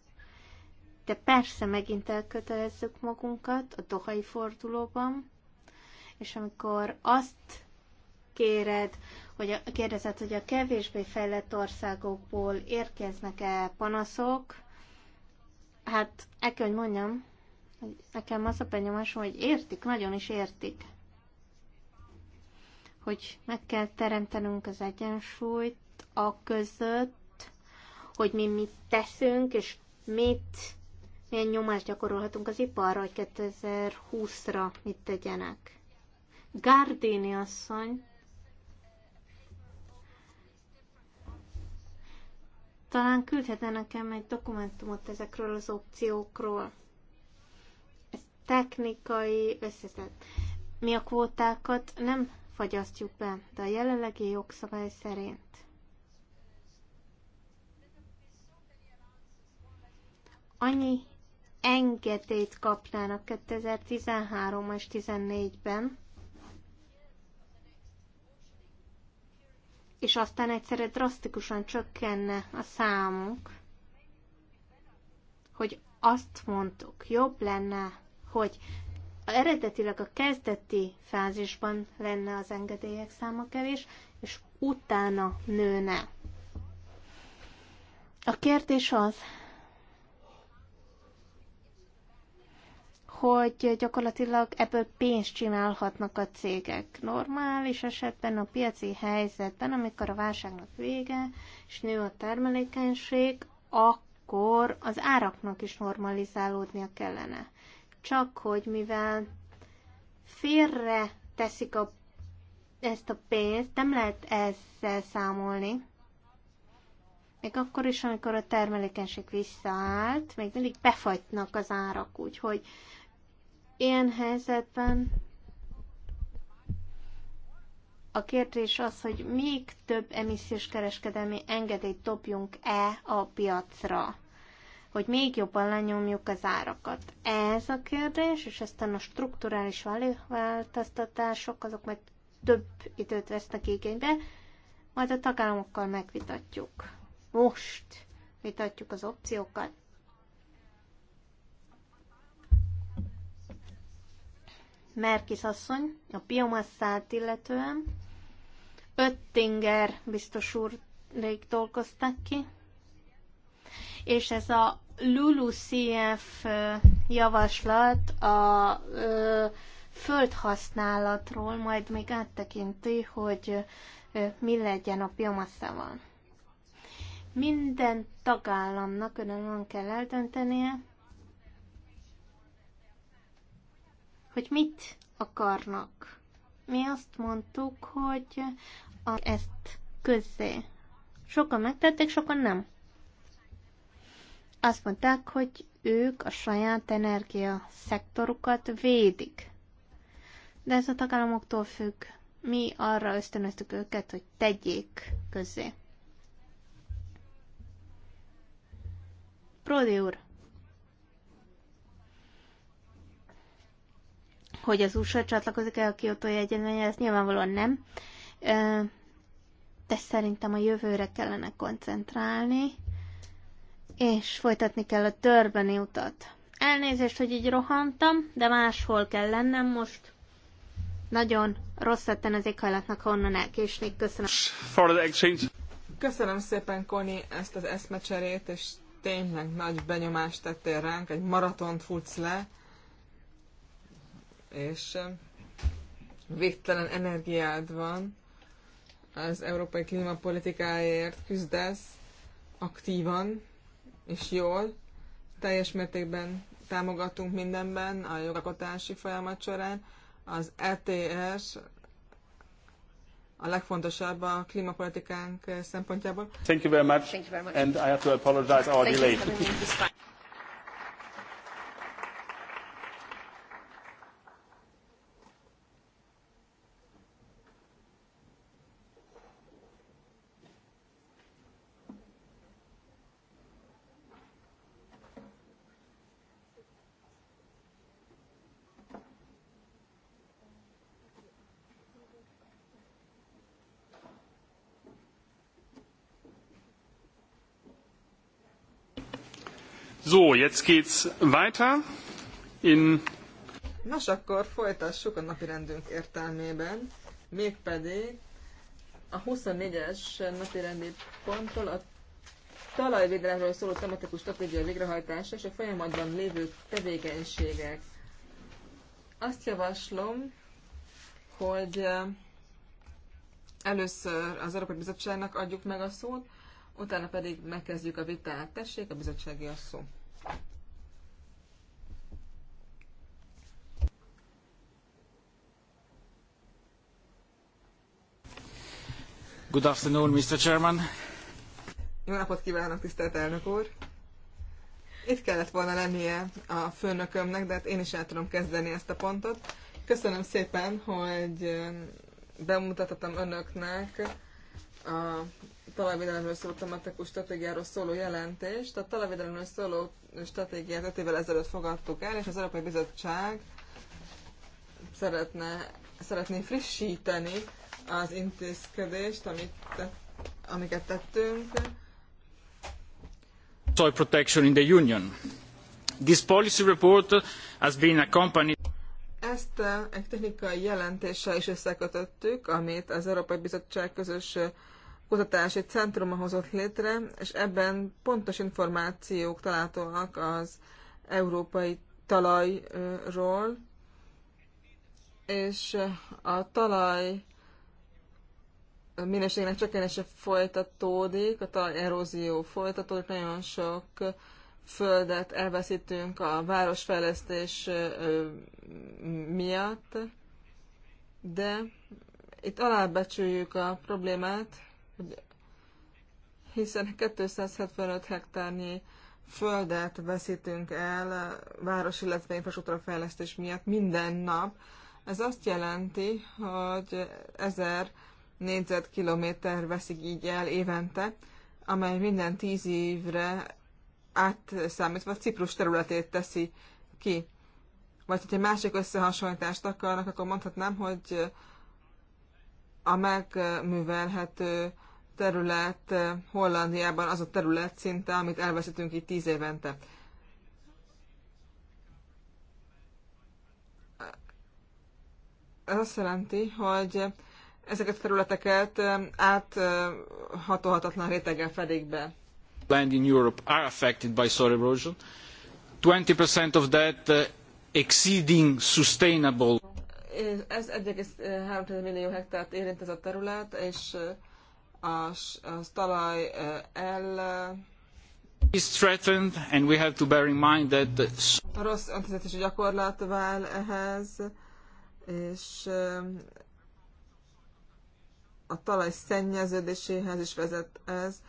Speaker 2: De persze megint elkötelezzük magunkat a dohai fordulóban, és amikor azt kéred, hogy a, kérdezed, hogy a kevésbé fejlett országokból érkeznek-e panaszok. Hát el kell, hogy mondjam, hogy nekem az a benyomásom, hogy értik, nagyon is értik, hogy meg kell teremtenünk az egyensúlyt a között, hogy mi mit teszünk, és mit, milyen nyomást gyakorolhatunk az iparra, hogy 2020-ra mit tegyenek. Gardini asszony Talán küldhetne nekem egy dokumentumot ezekről az opciókról. Ez technikai összetett. Mi a kvótákat nem fagyasztjuk be, de a jelenlegi jogszabály szerint. Annyi engedélyt kapnának 2013 és 2014-ben, és aztán egyszerre drasztikusan csökkenne a számunk, hogy azt mondtuk, jobb lenne, hogy eredetileg a kezdeti fázisban lenne az engedélyek száma kevés, és utána nőne. A kérdés az, hogy gyakorlatilag ebből pénzt csinálhatnak a cégek. Normális esetben a piaci helyzetben, amikor a válságnak vége, és nő a termelékenység, akkor az áraknak is normalizálódnia kellene. Csak hogy mivel félre teszik a, ezt a pénzt, nem lehet ezzel számolni, még akkor is, amikor a termelékenység visszaállt, még mindig befagynak az árak, úgyhogy Ilyen helyzetben a kérdés az, hogy még több emissziós kereskedelmi engedélyt dobjunk-e a piacra, hogy még jobban lenyomjuk az árakat. Ez a kérdés, és aztán a strukturális változtatások, azok meg több időt vesznek igénybe, majd a tagállamokkal megvitatjuk. Most vitatjuk az opciókat. Merkis asszony, a biomasszát illetően. Öttinger biztos úr rég dolgozták ki, és ez a LULUCF javaslat a földhasználatról majd még áttekinti, hogy mi legyen a biomasszával. Minden tagállamnak önön kell eldöntenie, hogy mit akarnak. Mi azt mondtuk, hogy a, ezt közzé. Sokan megtették, sokan nem. Azt mondták, hogy ők a saját energia szektorukat védik. De ez a tagállamoktól függ. Mi arra ösztönöztük őket, hogy tegyék közzé. Pródi úr, hogy az USA csatlakozik el a kiotói egyezményhez, ez nyilvánvalóan nem. De szerintem a jövőre kellene koncentrálni, és folytatni kell a törbeni utat. Elnézést, hogy így rohantam, de máshol kell lennem most. Nagyon rossz lettem az éghajlatnak, ha onnan
Speaker 3: elkésnék. Köszönöm. For the exchange. Köszönöm szépen, Koni, ezt az eszmecserét, és tényleg nagy benyomást tettél ránk, egy maratont futsz le és végtelen energiád van, az európai klímapolitikáért küzdesz aktívan és jól, teljes mértékben támogatunk mindenben a jogalkotási folyamat során. Az ETS a legfontosabb a klímapolitikánk szempontjából.
Speaker 1: Thank you very much, Thank you very much. and I have to apologize our Thank delay. So, jetzt geht's weiter in...
Speaker 3: Nos, akkor folytassuk a napirendünk értelmében, mégpedig a 24-es napirendi pontról a talajvédelemről szóló tematikus stratégia végrehajtása és a folyamatban lévő tevékenységek. Azt javaslom, hogy eh, először az Európai Bizottságnak adjuk meg a szót, utána pedig megkezdjük a vitát. Tessék, a bizottsági a szó.
Speaker 1: Good afternoon, Mr. Chairman.
Speaker 3: Jó napot kívánok, tisztelt elnök úr! Itt kellett volna lennie a főnökömnek, de hát én is el tudom kezdeni ezt a pontot. Köszönöm szépen, hogy bemutathatom önöknek a talajvédelemről szóló tematikus stratégiáról szóló jelentést. A talajvédelemről szóló stratégiát 5 évvel ezelőtt fogadtuk el, és az Európai Bizottság szeretne, szeretné frissíteni az intézkedést, amit amiket tettünk.
Speaker 1: Soil protection in the Union. This policy report has been accompanied
Speaker 3: ezt eh, egy technikai jelentéssel is összekötöttük, amit az Európai Bizottság közös eh, kutatási centruma hozott létre, és ebben pontos információk találhatóak az európai talajról, és a talaj minőségnek csökkenése folytatódik, a talaj erózió folytatódik, nagyon sok földet elveszítünk a városfejlesztés miatt, de itt alábecsüljük a problémát, hiszen 275 hektárnyi földet veszítünk el város, illetve infrastruktúra fejlesztés miatt minden nap. Ez azt jelenti, hogy 1000 négyzetkilométer veszik így el évente, amely minden tíz évre átszámítva Ciprus területét teszi ki. Vagy hogyha másik összehasonlítást akarnak, akkor mondhatnám, hogy a megművelhető terület eh, Hollandiában az a terület szinte, amit elveszítünk itt tíz évente. Ez azt jelenti, hogy ezeket a területeket eh, áthatóhatatlan réteggel fedik be.
Speaker 1: Land in Europe are affected by soil erosion. 20% of that eh, exceeding sustainable.
Speaker 3: Ez 1,3 millió hektárt érint ez a terület, és az, az talaj el
Speaker 1: is threatened, and we have to bear in mind that the...
Speaker 3: A rossz önfizetési gyakorlat vál ehhez, és a talaj szennyeződéséhez is vezet ez.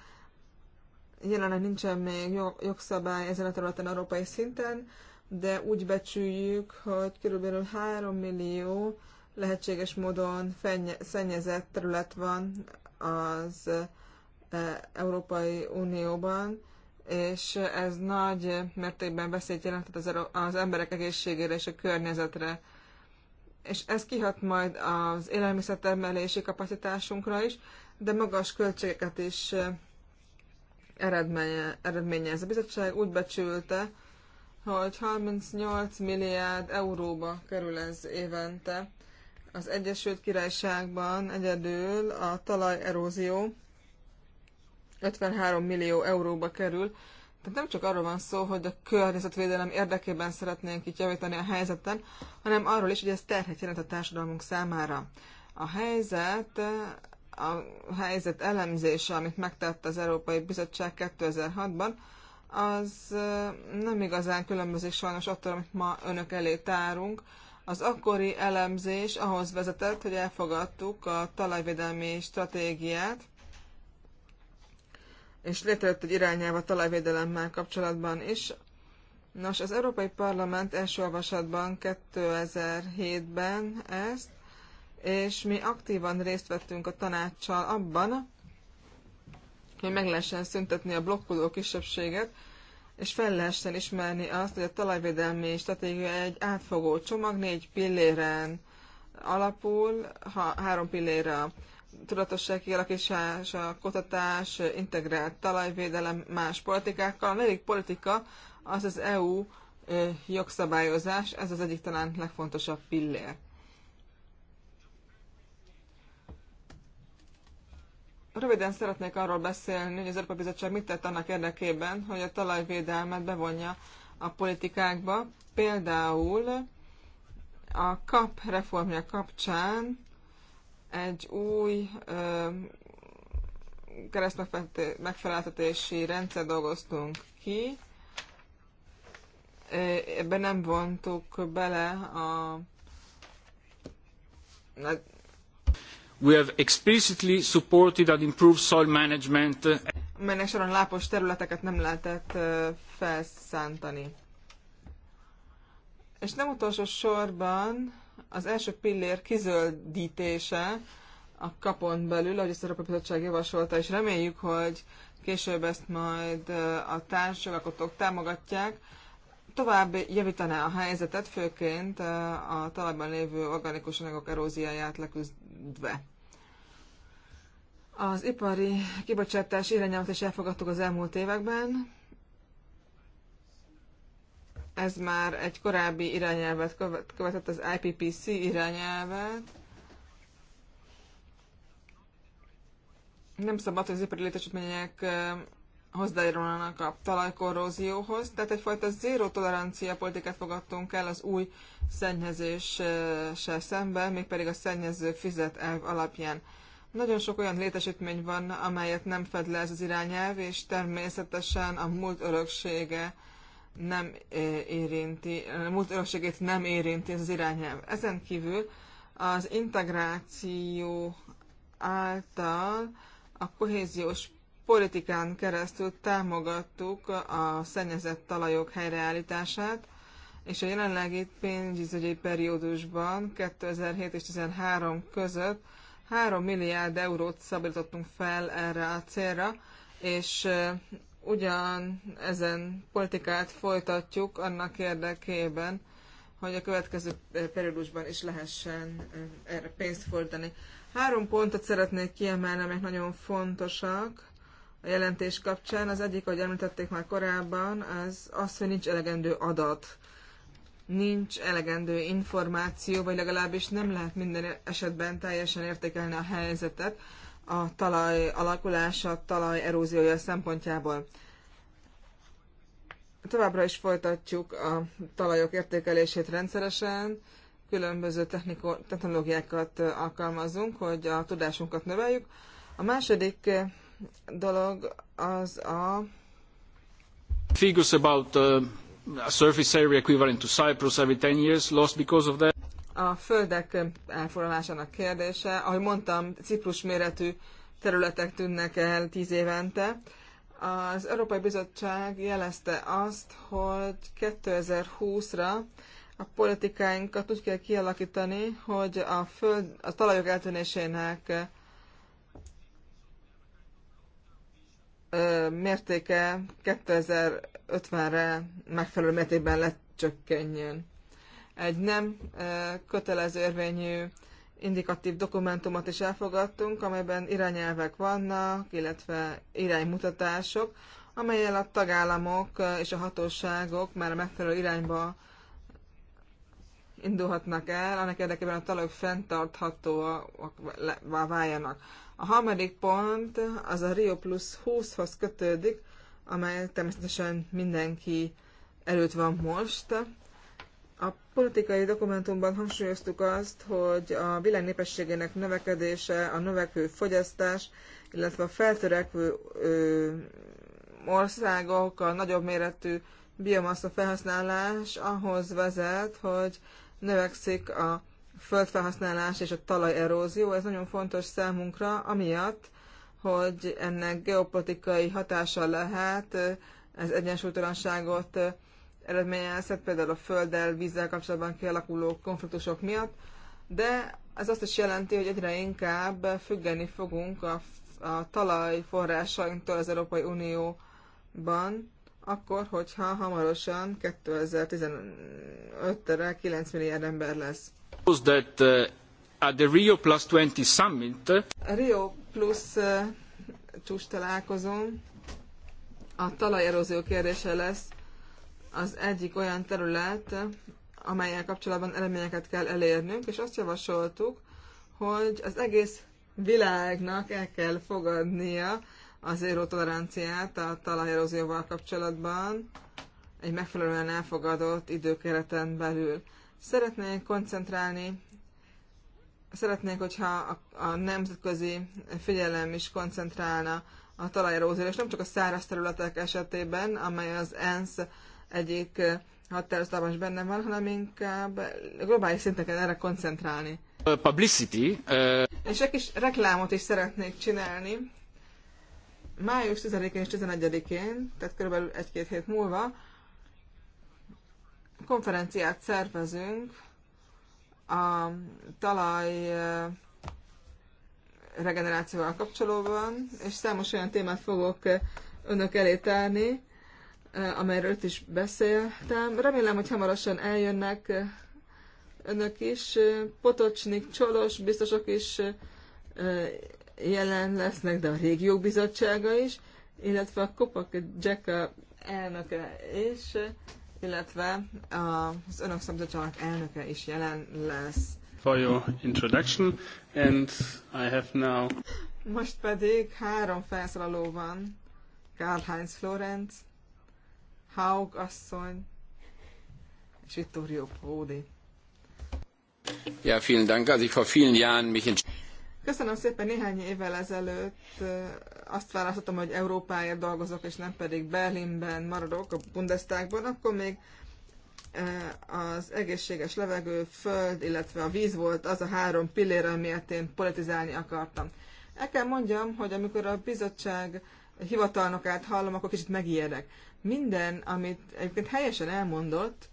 Speaker 3: Jelenleg nincsen még jogszabály ezen a területen európai szinten, de úgy becsüljük, hogy kb. 3 millió lehetséges módon fenye- szennyezett terület van az Európai Unióban, és ez nagy mértékben veszélyt jelentett az emberek egészségére és a környezetre. És ez kihat majd az élelmiszertermelési kapacitásunkra is, de magas költségeket is eredménye, eredményez. A bizottság úgy becsülte, hogy 38 milliárd euróba kerül ez évente az Egyesült Királyságban egyedül a talajerózió 53 millió euróba kerül, tehát nem csak arról van szó, hogy a környezetvédelem érdekében szeretnénk itt javítani a helyzeten, hanem arról is, hogy ez terhet jelent a társadalmunk számára. A helyzet, a helyzet elemzése, amit megtett az Európai Bizottság 2006-ban, az nem igazán különbözik sajnos attól, amit ma önök elé tárunk. Az akkori elemzés ahhoz vezetett, hogy elfogadtuk a talajvédelmi stratégiát, és létrejött egy irányelv a talajvédelemmel kapcsolatban is. Nos, az Európai Parlament első olvasatban 2007-ben ezt, és mi aktívan részt vettünk a tanácssal abban, hogy meg lehessen szüntetni a blokkoló kisebbséget, és fel lehessen ismerni azt, hogy a talajvédelmi stratégia egy átfogó csomag, négy pilléren alapul, ha, három pillére a tudatosság a kutatás, integrált talajvédelem más politikákkal. A negyedik politika az az EU jogszabályozás, ez az egyik talán legfontosabb pillér. Röviden szeretnék arról beszélni, hogy az Európai Bizottság mit tett annak érdekében, hogy a talajvédelmet bevonja a politikákba. Például a KAP reformja kapcsán egy új ö, keresztmegfeleltetési rendszer dolgoztunk ki. Ebben nem vontuk bele a
Speaker 1: We have explicitly supported and improved soil management. Uh,
Speaker 3: Melynek során lápos területeket nem lehetett uh, felszántani. És nem utolsó sorban az első pillér kizöldítése a kapon belül, ahogy ezt a Európai Bizottság javasolta, és reméljük, hogy később ezt majd uh, a társjogalkotók támogatják, tovább javítaná a helyzetet, főként a talajban lévő organikus anyagok erózióját leküzdve. Az ipari kibocsátás irányát is elfogadtuk az elmúlt években. Ez már egy korábbi irányelvet követett, az IPPC irányelvet. Nem szabad, hogy az ipari létesítmények hozzájárulnak a talajkorrózióhoz, tehát egyfajta zéró tolerancia politikát fogadtunk el az új szennyezéssel szemben, mégpedig a szennyező fizet elv alapján. Nagyon sok olyan létesítmény van, amelyet nem fed le ez az irányelv, és természetesen a múlt öröksége nem eh, érinti, a múlt örökségét nem érinti ez az irányelv. Ezen kívül az integráció által a kohéziós politikán keresztül támogattuk a szennyezett talajok helyreállítását, és a jelenlegi pénzügyi periódusban 2007 és 2013 között 3 milliárd eurót szabadítottunk fel erre a célra, és ugyan ezen politikát folytatjuk annak érdekében, hogy a következő periódusban is lehessen erre pénzt fordítani. Három pontot szeretnék kiemelni, amelyek nagyon fontosak a jelentés kapcsán. Az egyik, ahogy említették már korábban, az az, hogy nincs elegendő adat nincs elegendő információ, vagy legalábbis nem lehet minden esetben teljesen értékelni a helyzetet a talaj alakulása, a talaj eróziója szempontjából. Továbbra is folytatjuk a talajok értékelését rendszeresen, különböző technológiákat alkalmazunk, hogy a tudásunkat növeljük. A második dolog az a...
Speaker 1: Figures about uh, a surface area equivalent to Cyprus every 10 years lost because of that.
Speaker 3: A földek elfoglalásának kérdése, ahogy mondtam, Ciprus méretű területek tűnnek el 10 évente. Az Európai Bizottság jelezte azt, hogy 2020-ra a politikáinkat úgy kell kialakítani, hogy a, föld, a talajok eltűnésének mértéke 2050-re megfelelő mértékben lecsökkenjen. Egy nem kötelező érvényű indikatív dokumentumot is elfogadtunk, amelyben irányelvek vannak, illetve iránymutatások, amelyel a tagállamok és a hatóságok már a megfelelő irányba indulhatnak el, annak érdekében a talajok fenntarthatóak váljanak. A harmadik pont az a Rio Plus 20-hoz kötődik, amely természetesen mindenki előtt van most. A politikai dokumentumban hangsúlyoztuk azt, hogy a világ népességének növekedése, a növekvő fogyasztás, illetve a feltörekvő ö, országok, a nagyobb méretű biomassa felhasználás ahhoz vezet, hogy növekszik a földfelhasználás és a talajerózió, ez nagyon fontos számunkra, amiatt, hogy ennek geopolitikai hatása lehet, ez egyensúlytalanságot eredményezhet, például a földdel, vízzel kapcsolatban kialakuló konfliktusok miatt, de ez azt is jelenti, hogy egyre inkább függeni fogunk a, a talaj forrásainktól az Európai Unióban, akkor, hogyha hamarosan 2015-re 9 milliárd ember lesz.
Speaker 1: Uh, uh, a Rio Plus 20 Summit,
Speaker 3: a Rio Plus csúcs találkozón a talajerózió kérdése lesz az egyik olyan terület, amelyel kapcsolatban eredményeket kell elérnünk, és azt javasoltuk, hogy az egész világnak el kell fogadnia az toleranciát a talajerózióval kapcsolatban egy megfelelően elfogadott időkereten belül. Szeretnék koncentrálni, szeretnék, hogyha a, a nemzetközi figyelem is koncentrálna a talajrózér, és nem csak a száraz területek esetében, amely az ENSZ egyik határozatában is benne van, hanem inkább globális szinteken erre koncentrálni.
Speaker 1: Publicity. Uh...
Speaker 3: És egy kis reklámot is szeretnék csinálni. Május 10-én és 11-én, tehát körülbelül egy-két hét múlva, konferenciát szervezünk a talaj eh, regenerációval kapcsolóban, és számos olyan témát fogok eh, önök elé tárni, eh, amelyről is beszéltem. Remélem, hogy hamarosan eljönnek önök is. Potocsnik, Csolos biztosok is jelen lesznek, de a régió bizottsága is, illetve a Kopak Jacka elnöke is. És illetve az önök szabadságnak elnöke is jelen lesz.
Speaker 1: For your introduction, and I have now...
Speaker 3: Most pedig három felszólaló van. Karl-Heinz Florenz, Haug asszony és Vittorio Pódi.
Speaker 1: Ja, vielen Dank. Also ich vor vielen Jahren mich
Speaker 3: Köszönöm szépen, néhány évvel ezelőtt azt választottam, hogy Európáért dolgozok, és nem pedig Berlinben maradok a Bundestagban, akkor még eh, az egészséges levegő, föld, illetve a víz volt az a három pillér, amiért én politizálni akartam. El kell mondjam, hogy amikor a bizottság hivatalnokát hallom, akkor kicsit megijedek. Minden, amit egyébként helyesen elmondott,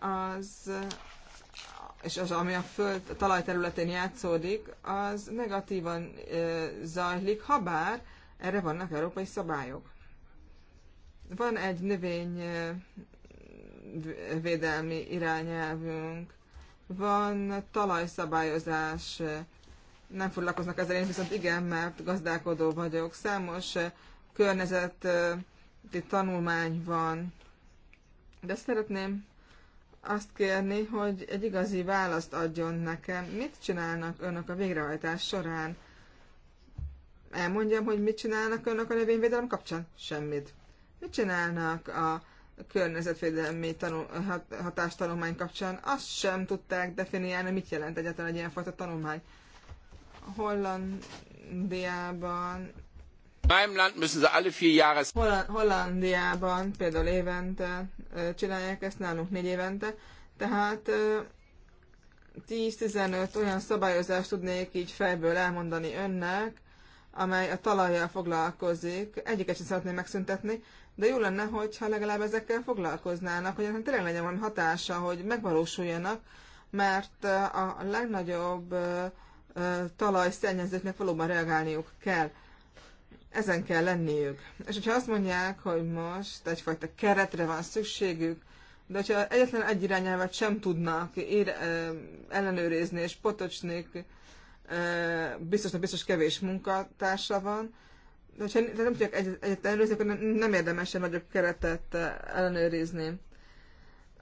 Speaker 3: az és az, ami a föld a talajterületén játszódik, az negatívan zajlik, habár erre vannak európai szabályok. Van egy növényvédelmi irányelvünk, van talajszabályozás, nem foglalkoznak ezzel, én viszont igen, mert gazdálkodó vagyok. Számos környezeti tanulmány van, de szeretném azt kérni, hogy egy igazi választ adjon nekem. Mit csinálnak önök a végrehajtás során? Elmondjam, hogy mit csinálnak önök a növényvédelem kapcsán? Semmit. Mit csinálnak a környezetvédelmi tanul, hatástanulmány kapcsán? Azt sem tudták definiálni, mit jelent egyáltalán egy ilyenfajta tanulmány. Hollandiában
Speaker 1: Holland,
Speaker 3: Hollandiában például évente csinálják ezt, nálunk négy évente, tehát 10-15 olyan szabályozást tudnék így fejből elmondani önnek, amely a talajjal foglalkozik. Egyiket sem szeretném megszüntetni, de jó lenne, hogyha legalább ezekkel foglalkoznának, hogy ennek tényleg legyen valami hatása, hogy megvalósuljanak, mert a legnagyobb talajszennyezőknek valóban reagálniuk kell ezen kell lenniük. És hogyha azt mondják, hogy most egyfajta keretre van szükségük, de hogyha egyetlen egy irányelvet sem tudnak ér, ellenőrizni, és potocsni, biztos, biztos kevés munkatársa van, de hogyha nem tudják egyet, egyet ellenőrizni, akkor nem, nem érdemes sem nagyobb keretet ellenőrizni.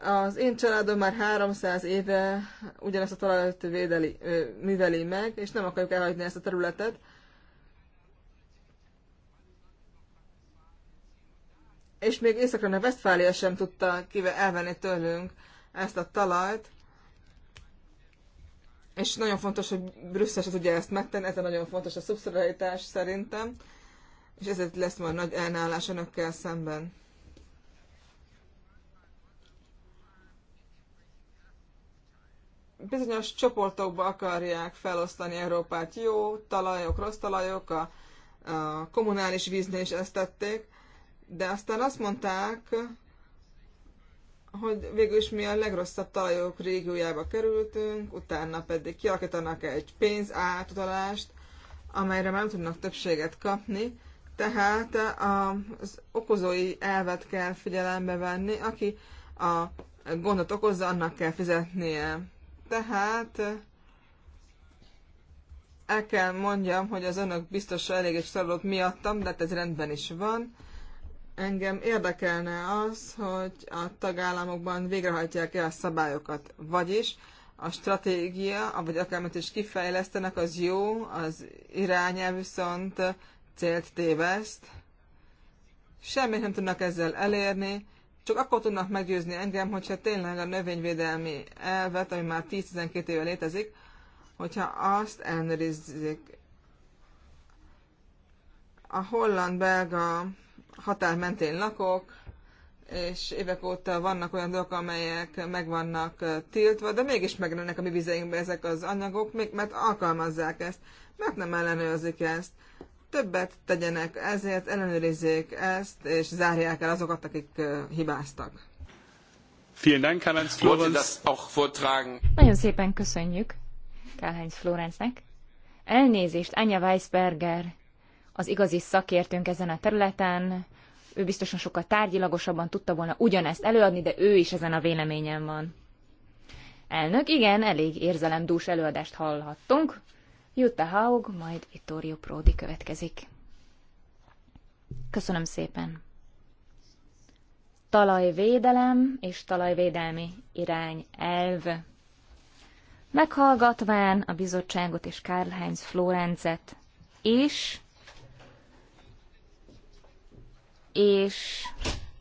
Speaker 3: Az én családom már 300 éve ugyanezt a talajt védeli, műveli meg, és nem akarjuk elhagyni ezt a területet, és még északra a Westfália sem tudta kive elvenni tőlünk ezt a talajt, és nagyon fontos, hogy Brüsszel se tudja ezt megtenni, ez nagyon fontos a szubszidiaritás szerintem, és ezért lesz majd nagy elnállás önökkel szemben. Bizonyos csoportokba akarják felosztani Európát jó talajok, rossz talajok, a, a kommunális víznél is ezt tették, de aztán azt mondták, hogy végül is mi a legrosszabb talajok régiójába kerültünk, utána pedig kialakítanak egy pénzátutalást, amelyre már nem tudnak többséget kapni, tehát az okozói elvet kell figyelembe venni, aki a gondot okozza, annak kell fizetnie. Tehát el kell mondjam, hogy az önök biztos elég egy miattam, de hát ez rendben is van engem érdekelne az, hogy a tagállamokban végrehajtják-e a szabályokat, vagyis a stratégia, vagy akármit is kifejlesztenek, az jó, az irányelv viszont célt téveszt. Semmit nem tudnak ezzel elérni, csak akkor tudnak meggyőzni engem, hogyha tényleg a növényvédelmi elvet, ami már 10-12 éve létezik, hogyha azt elnőrizzik. A holland-belga határ mentén lakok, és évek óta vannak olyan dolgok, amelyek meg vannak tiltva, de mégis megrennek a mi vizeinkbe ezek az anyagok, még, mert alkalmazzák ezt, mert nem ellenőrzik ezt. Többet tegyenek ezért, ellenőrizzék ezt, és zárják el azokat, akik hibáztak.
Speaker 1: Vielen
Speaker 4: Nagyon szépen köszönjük Karl-Heinz Florenznek. Elnézést, Anya Weisberger az igazi szakértőnk ezen a területen, ő biztosan sokkal tárgyilagosabban tudta volna ugyanezt előadni, de ő is ezen a véleményen van. Elnök, igen, elég érzelemdús előadást hallhattunk. Jutta Haug, majd Vittorio Prodi következik. Köszönöm szépen. Talajvédelem és talajvédelmi irány elv. Meghallgatván a bizottságot és Karl-Heinz Florencet, és és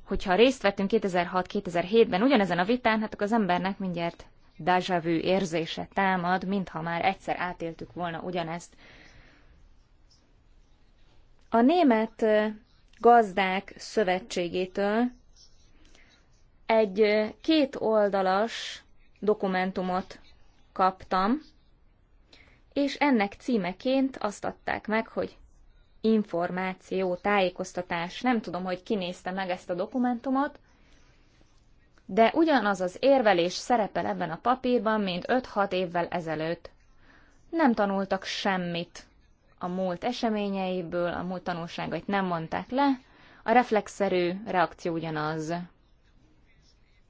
Speaker 4: hogyha részt vettünk 2006-2007-ben ugyanezen a vitán, hát akkor az embernek mindjárt déjà vu érzése támad, mintha már egyszer átéltük volna ugyanezt. A német gazdák szövetségétől egy két oldalas dokumentumot kaptam, és ennek címeként azt adták meg, hogy információ, tájékoztatás. Nem tudom, hogy kinézte meg ezt a dokumentumot, de ugyanaz az érvelés szerepel ebben a papírban, mint 5-6 évvel ezelőtt. Nem tanultak semmit a múlt eseményeiből, a múlt tanulságait nem mondták le, a reflexzerű reakció ugyanaz.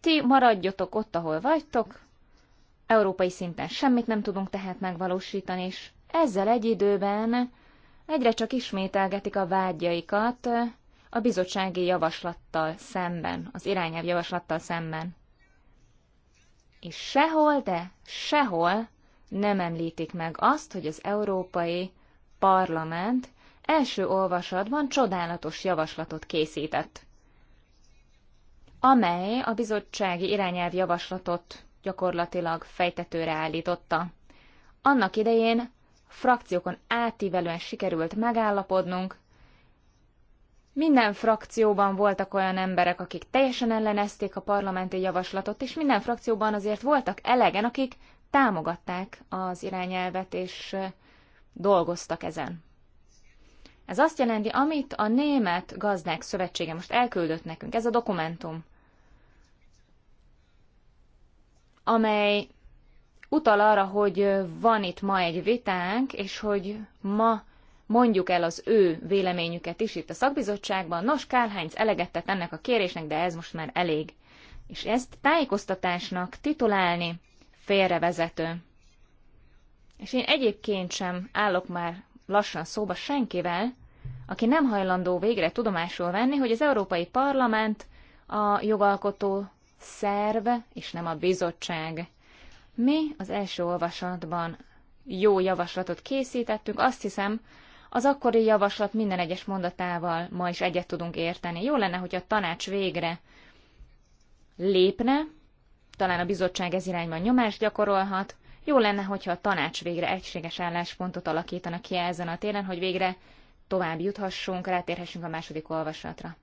Speaker 4: Ti maradjatok ott, ahol vagytok, európai szinten semmit nem tudunk tehát megvalósítani, és ezzel egy időben egyre csak ismételgetik a vágyaikat a bizottsági javaslattal szemben, az irányelv javaslattal szemben. És sehol, de sehol nem említik meg azt, hogy az Európai Parlament első olvasatban csodálatos javaslatot készített, amely a bizottsági irányelv javaslatot gyakorlatilag fejtetőre állította. Annak idején frakciókon átívelően sikerült megállapodnunk. Minden frakcióban voltak olyan emberek, akik teljesen ellenezték a parlamenti javaslatot, és minden frakcióban azért voltak elegen, akik támogatták az irányelvet, és dolgoztak ezen. Ez azt jelenti, amit a Német Gazdák Szövetsége most elküldött nekünk, ez a dokumentum, amely utal arra, hogy van itt ma egy vitánk, és hogy ma mondjuk el az ő véleményüket is itt a szakbizottságban. Nos, Kálhányc eleget tett ennek a kérésnek, de ez most már elég. És ezt tájékoztatásnak titulálni félrevezető. És én egyébként sem állok már lassan szóba senkivel, aki nem hajlandó végre tudomásul venni, hogy az Európai Parlament a jogalkotó szerv, és nem a bizottság. Mi az első olvasatban jó javaslatot készítettünk, azt hiszem, az akkori javaslat minden egyes mondatával ma is egyet tudunk érteni. Jó lenne, hogy a tanács végre lépne, talán a bizottság ez irányban nyomást gyakorolhat, jó lenne, hogyha a tanács végre egységes álláspontot alakítana ki ezen a téren, hogy végre tovább juthassunk, rátérhessünk a második olvasatra.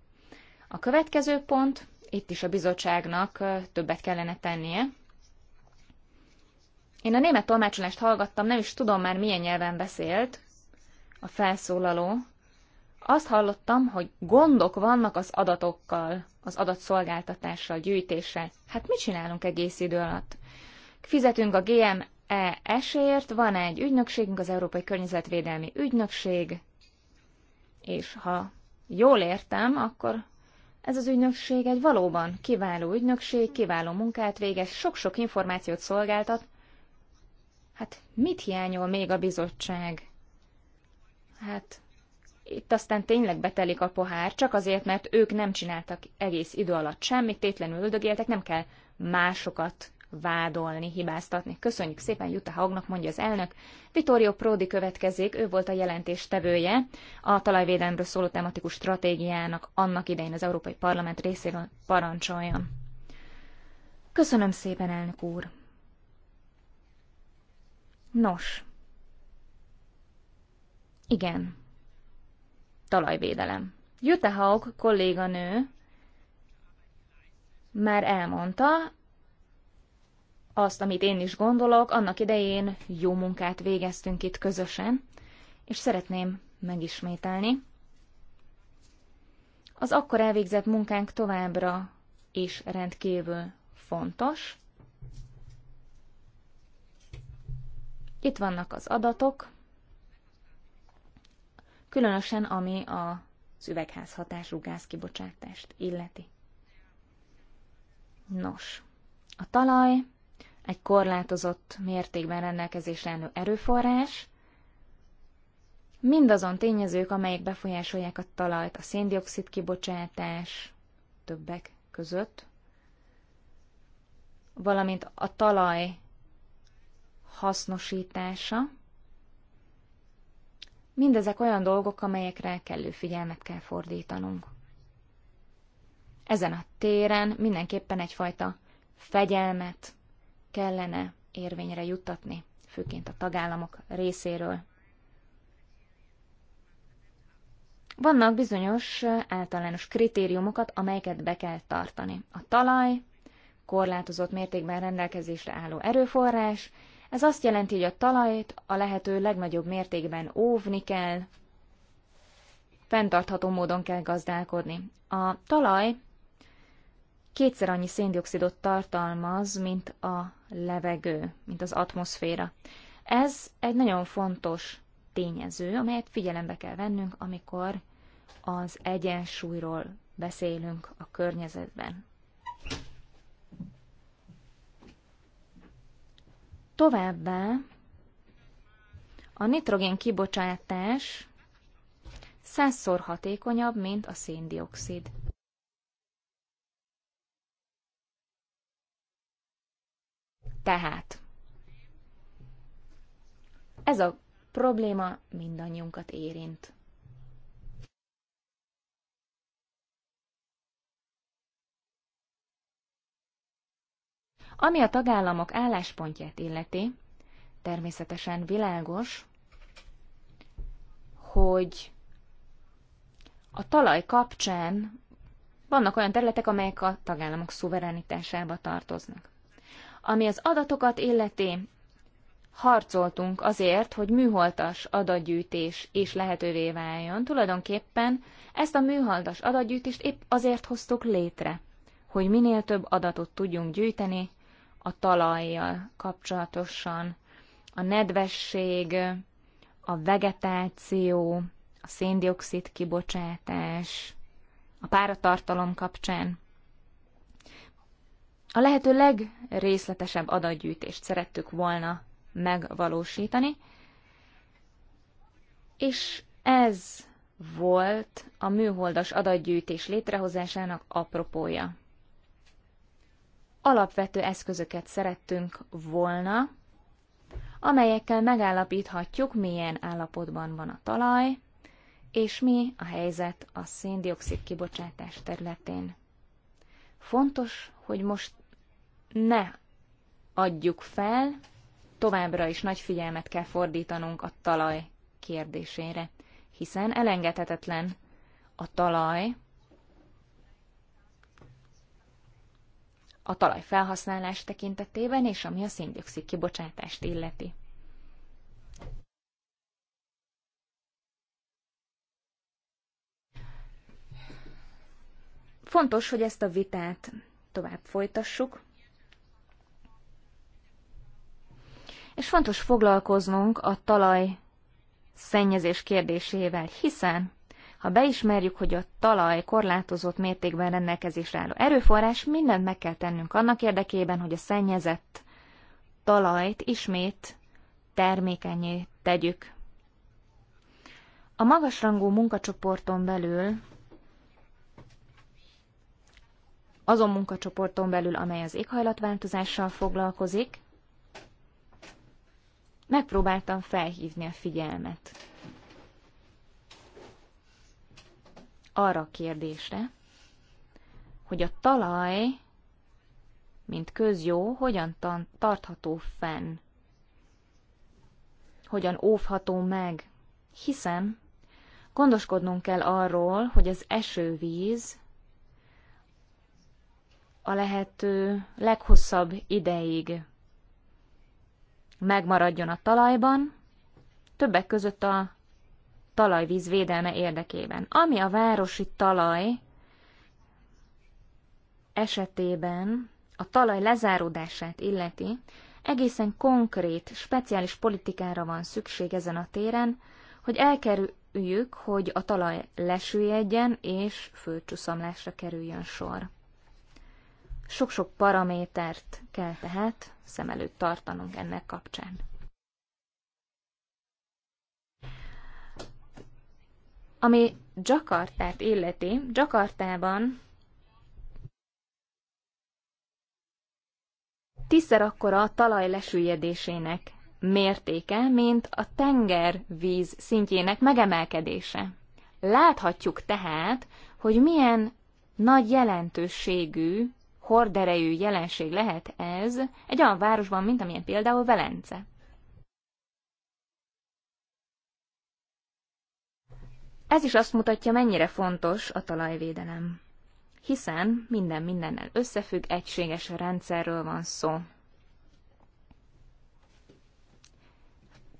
Speaker 4: A következő pont, itt is a bizottságnak többet kellene tennie, én a német tolmácsolást hallgattam, nem is tudom már milyen nyelven beszélt a felszólaló. Azt hallottam, hogy gondok vannak az adatokkal, az adatszolgáltatással, gyűjtéssel. Hát mit csinálunk egész idő alatt? Fizetünk a GME-esért, van egy ügynökségünk, az Európai Környezetvédelmi Ügynökség, és ha jól értem, akkor ez az ügynökség egy valóban kiváló ügynökség, kiváló munkát végez, sok-sok információt szolgáltat, Hát mit hiányol még a bizottság? Hát itt aztán tényleg betelik a pohár, csak azért, mert ők nem csináltak egész idő alatt semmit, tétlenül üldögéltek, nem kell másokat vádolni, hibáztatni. Köszönjük szépen Jutta Haugnak, mondja az elnök. Vittorio Prodi következik, ő volt a jelentés tevője a talajvédelmről szóló tematikus stratégiának annak idején az Európai Parlament részéről parancsolja. Köszönöm szépen, elnök úr! Nos. Igen. Talajvédelem. Jutta Haug kolléganő már elmondta azt, amit én is gondolok, annak idején jó munkát végeztünk itt közösen, és szeretném megismételni. Az akkor elvégzett munkánk továbbra is rendkívül fontos, Itt vannak az adatok, különösen ami a szüvegházhatású gázkibocsátást illeti. Nos, a talaj egy korlátozott mértékben rendelkezésre álló erőforrás, mindazon tényezők, amelyek befolyásolják a talajt, a széndiokszid kibocsátás többek között, valamint a talaj hasznosítása. Mindezek olyan dolgok, amelyekre kellő figyelmet kell fordítanunk. Ezen a téren mindenképpen egyfajta fegyelmet kellene érvényre juttatni, főként a tagállamok részéről. Vannak bizonyos általános kritériumokat, amelyeket be kell tartani. A talaj, korlátozott mértékben rendelkezésre álló erőforrás, ez azt jelenti, hogy a talajt a lehető legnagyobb mértékben óvni kell, fenntartható módon kell gazdálkodni. A talaj kétszer annyi széndiokszidot tartalmaz, mint a levegő, mint az atmoszféra. Ez egy nagyon fontos tényező, amelyet figyelembe kell vennünk, amikor az egyensúlyról beszélünk a környezetben. Továbbá a nitrogén kibocsátás százszor hatékonyabb, mint a széndiokszid. Tehát ez a probléma mindannyiunkat érint. Ami a tagállamok álláspontját illeti, természetesen világos, hogy a talaj kapcsán vannak olyan területek, amelyek a tagállamok szuverenitásába tartoznak. Ami az adatokat illeti, harcoltunk azért, hogy műholdas adatgyűjtés is lehetővé váljon. Tulajdonképpen ezt a műholdas adatgyűjtést épp azért hoztuk létre, hogy minél több adatot tudjunk gyűjteni a talajjal kapcsolatosan. A nedvesség, a vegetáció, a széndiokszid kibocsátás, a páratartalom kapcsán. A lehető legrészletesebb adatgyűjtést szerettük volna megvalósítani, és ez volt a műholdas adatgyűjtés létrehozásának apropója alapvető eszközöket szerettünk volna, amelyekkel megállapíthatjuk, milyen állapotban van a talaj, és mi a helyzet a széndiokszid kibocsátás területén. Fontos, hogy most ne adjuk fel, továbbra is nagy figyelmet kell fordítanunk a talaj kérdésére, hiszen elengedhetetlen a talaj a talaj felhasználás tekintetében és ami a széndiokszid kibocsátást illeti. Fontos, hogy ezt a vitát tovább folytassuk, és fontos foglalkoznunk a talaj szennyezés kérdésével, hiszen ha beismerjük, hogy a talaj korlátozott mértékben rendelkezésre álló erőforrás, mindent meg kell tennünk annak érdekében, hogy a szennyezett talajt ismét termékenyé tegyük. A magasrangú munkacsoporton belül azon munkacsoporton belül, amely az éghajlatváltozással foglalkozik, megpróbáltam felhívni a figyelmet arra a kérdésre, hogy a talaj, mint közjó, hogyan tartható fenn, hogyan óvható meg, hiszen gondoskodnunk kell arról, hogy az esővíz a lehető leghosszabb ideig megmaradjon a talajban, többek között a talajvíz védelme érdekében. Ami a városi talaj esetében a talaj lezáródását illeti, egészen konkrét, speciális politikára van szükség ezen a téren, hogy elkerüljük, hogy a talaj lesüljedjen és földcsúszomlásra kerüljön sor. Sok-sok paramétert kell tehát szem előtt tartanunk ennek kapcsán. Ami Jakartát illeti, Jakartában tízszer akkora a talaj lesüllyedésének mértéke, mint a tengervíz szintjének megemelkedése. Láthatjuk tehát, hogy milyen nagy jelentőségű, horderejű jelenség lehet ez egy olyan városban, mint amilyen például Velence. Ez is azt mutatja, mennyire fontos a talajvédelem. Hiszen minden mindennel összefügg, egységes rendszerről van szó.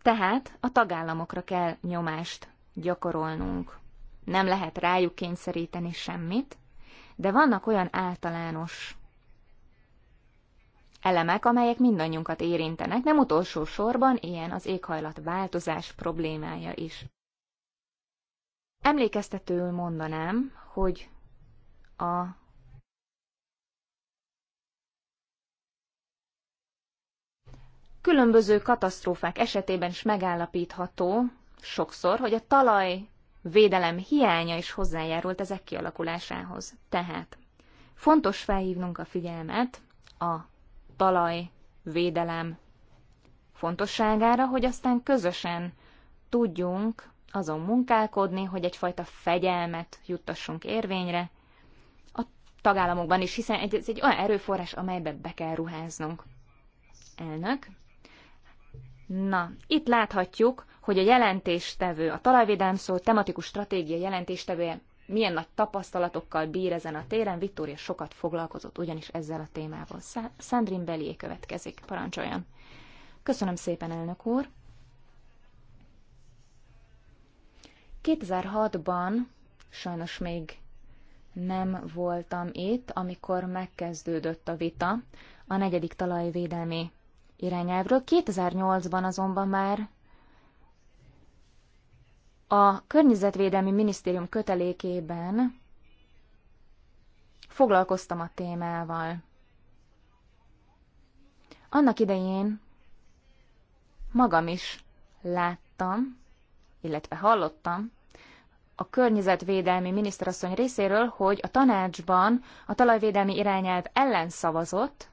Speaker 4: Tehát a tagállamokra kell nyomást gyakorolnunk. Nem lehet rájuk kényszeríteni semmit, de vannak olyan általános elemek, amelyek mindannyiunkat érintenek, nem utolsó sorban ilyen az éghajlat változás problémája is. Emlékeztetőül mondanám, hogy a Különböző katasztrófák esetében is megállapítható sokszor, hogy a talaj védelem hiánya is hozzájárult ezek kialakulásához. Tehát fontos felhívnunk a figyelmet a talaj védelem fontosságára, hogy aztán közösen tudjunk azon munkálkodni, hogy egyfajta fegyelmet juttassunk érvényre a tagállamokban is, hiszen ez egy olyan erőforrás, amelybe be kell ruháznunk. Elnök. Na, itt láthatjuk, hogy a jelentéstevő, a talajvédelem szó tematikus stratégia jelentéstevője milyen nagy tapasztalatokkal bír ezen a téren. Viktória sokat foglalkozott ugyanis ezzel a témával. Szá- belié következik. Parancsoljon. Köszönöm szépen, elnök úr. 2006-ban sajnos még nem voltam itt, amikor megkezdődött a vita a negyedik talajvédelmi irányelvről. 2008-ban azonban már a Környezetvédelmi Minisztérium kötelékében foglalkoztam a témával. Annak idején magam is láttam, illetve hallottam a környezetvédelmi miniszterasszony részéről, hogy a tanácsban a talajvédelmi irányelv ellen szavazott,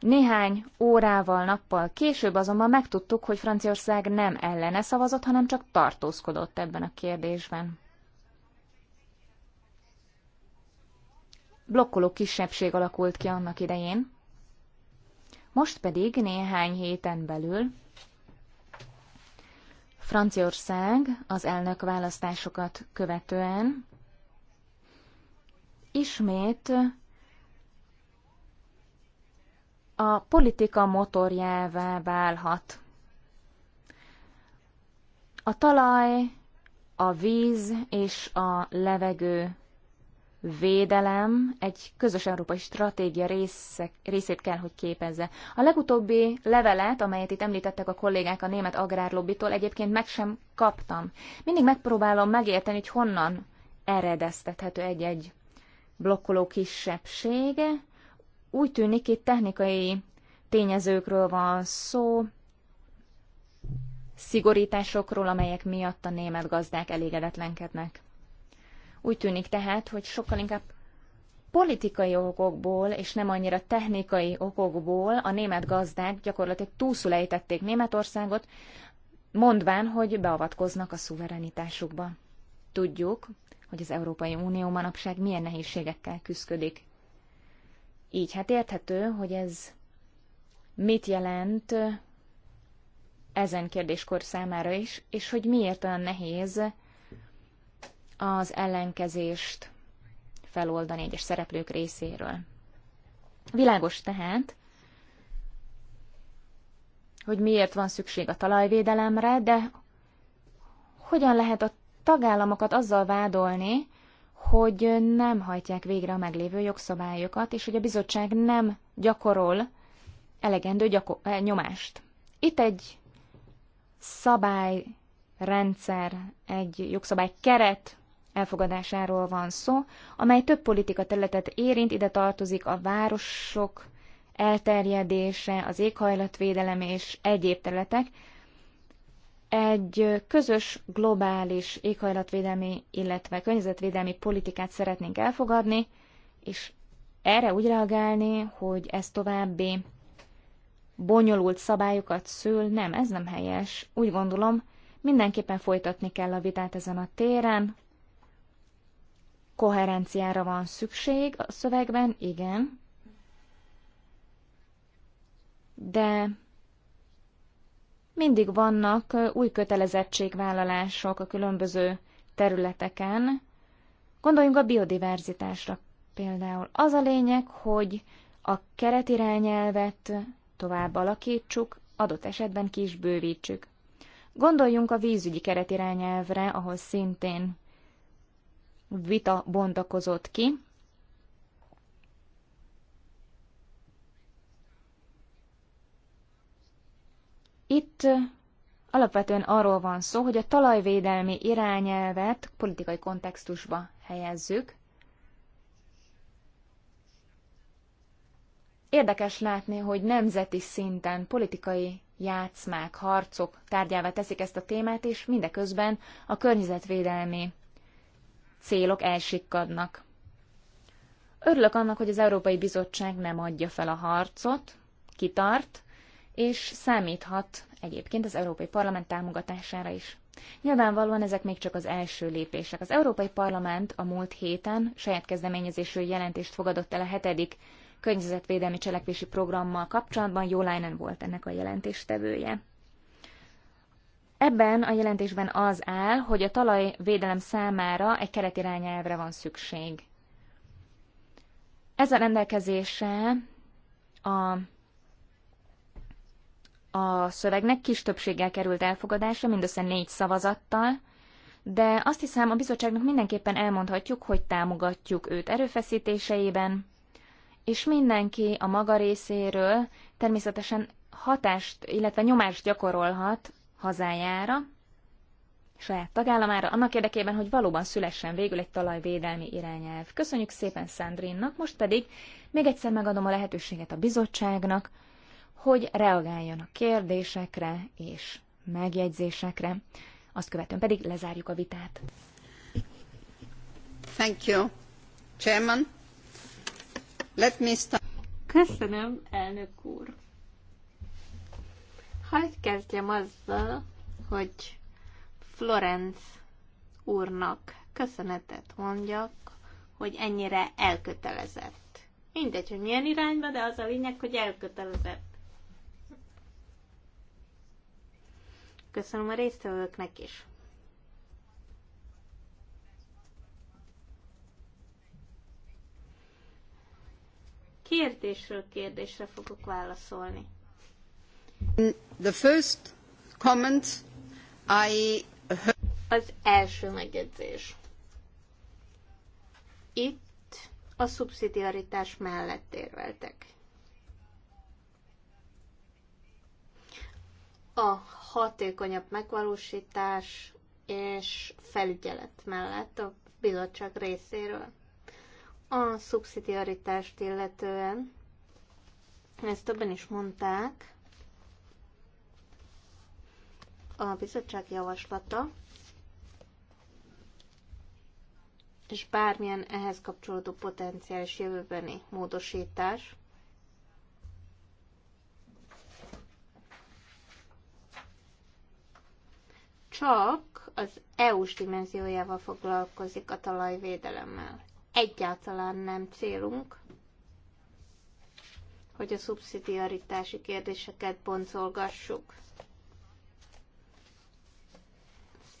Speaker 4: néhány órával, nappal később azonban megtudtuk, hogy Franciaország nem ellene szavazott, hanem csak tartózkodott ebben a kérdésben. Blokkoló kisebbség alakult ki annak idején, most pedig néhány héten belül Franciaország az elnök választásokat követően ismét a politika motorjává válhat. A talaj, a víz és a levegő védelem egy közös európai stratégia része részét kell, hogy képezze. A legutóbbi levelet, amelyet itt említettek a kollégák a német agrárlobbitól, egyébként meg sem kaptam. Mindig megpróbálom megérteni, hogy honnan eredeztethető egy-egy blokkoló kisebbsége. Úgy tűnik itt technikai tényezőkről van szó, szigorításokról, amelyek miatt a német gazdák elégedetlenkednek. Úgy tűnik tehát, hogy sokkal inkább politikai okokból és nem annyira technikai okokból a német gazdák gyakorlatilag túlszulejtették Németországot, mondván, hogy beavatkoznak a szuverenitásukba. Tudjuk, hogy az Európai Unió manapság milyen nehézségekkel küzdik. Így hát érthető, hogy ez mit jelent ezen kérdéskor számára is, és hogy miért olyan nehéz az ellenkezést feloldani egyes szereplők részéről. Világos tehát, hogy miért van szükség a talajvédelemre, de hogyan lehet a tagállamokat azzal vádolni, hogy nem hajtják végre a meglévő jogszabályokat, és hogy a bizottság nem gyakorol elegendő gyakor- eh, nyomást. Itt egy szabályrendszer, egy jogszabály keret elfogadásáról van szó, amely több politika területet érint, ide tartozik a városok elterjedése, az éghajlatvédelem és egyéb területek. Egy közös globális éghajlatvédelmi, illetve környezetvédelmi politikát szeretnénk elfogadni, és erre úgy reagálni, hogy ez további bonyolult szabályokat szül, nem, ez nem helyes. Úgy gondolom, mindenképpen folytatni kell a vitát ezen a téren, koherenciára van szükség a szövegben, igen. De mindig vannak új kötelezettségvállalások a különböző területeken. Gondoljunk a biodiverzitásra például. Az a lényeg, hogy a keretirányelvet tovább alakítsuk, adott esetben ki is bővítsük. Gondoljunk a vízügyi keretirányelvre, ahol szintén vita bontakozott ki. Itt alapvetően arról van szó, hogy a talajvédelmi irányelvet politikai kontextusba helyezzük. Érdekes látni, hogy nemzeti szinten politikai játszmák, harcok tárgyává teszik ezt a témát, és mindeközben a környezetvédelmi célok elsikkadnak. Örülök annak, hogy az Európai Bizottság nem adja fel a harcot, kitart, és számíthat egyébként az Európai Parlament támogatására is. Nyilvánvalóan ezek még csak az első lépések. Az Európai Parlament a múlt héten saját kezdeményezésű jelentést fogadott el a hetedik környezetvédelmi cselekvési programmal kapcsolatban, Jó volt ennek a jelentéstevője. Ebben a jelentésben az áll, hogy a talajvédelem számára egy keretirányelvre van szükség. Ez a rendelkezése a, a szövegnek kis többséggel került elfogadásra, mindössze négy szavazattal, de azt hiszem a bizottságnak mindenképpen elmondhatjuk, hogy támogatjuk őt erőfeszítéseiben, és mindenki a maga részéről természetesen hatást, illetve nyomást gyakorolhat hazájára, saját tagállamára, annak érdekében, hogy valóban szülessen végül egy talajvédelmi irányelv. Köszönjük szépen Szandrinnak, most pedig még egyszer megadom a lehetőséget a bizottságnak, hogy reagáljon a kérdésekre és megjegyzésekre. Azt követően pedig lezárjuk a vitát.
Speaker 2: Thank you, Chairman. Let me start. Köszönöm, elnök úr. Hadd kezdjem azzal, hogy Florence úrnak köszönetet mondjak, hogy ennyire elkötelezett. Mindegy, hogy milyen irányba, de az a lényeg, hogy elkötelezett. Köszönöm a résztvevőknek is. Kérdésről kérdésre fogok válaszolni. Az első megjegyzés. Itt a szubszidiaritás mellett érveltek. A hatékonyabb megvalósítás és felügyelet mellett a bizottság részéről. A szubszidiaritást illetően, ezt többen is mondták, a bizottság javaslata, és bármilyen ehhez kapcsolódó potenciális jövőbeni módosítás, csak az EU-s dimenziójával foglalkozik a talajvédelemmel. Egyáltalán nem célunk, hogy a szubszidiaritási kérdéseket boncolgassuk.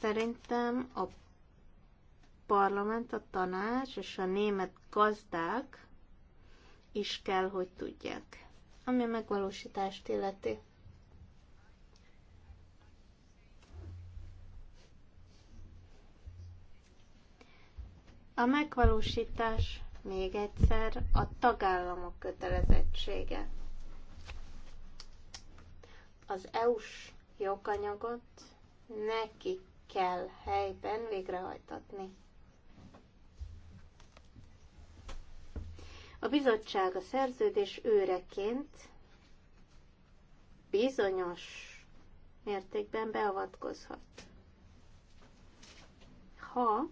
Speaker 2: Szerintem a parlament, a tanács és a német gazdák is kell, hogy tudják, ami a megvalósítást illeti. A megvalósítás még egyszer a tagállamok kötelezettsége. Az EU-s joganyagot nekik kell helyben végrehajtatni. A bizottság a szerződés őreként bizonyos mértékben beavatkozhat. Ha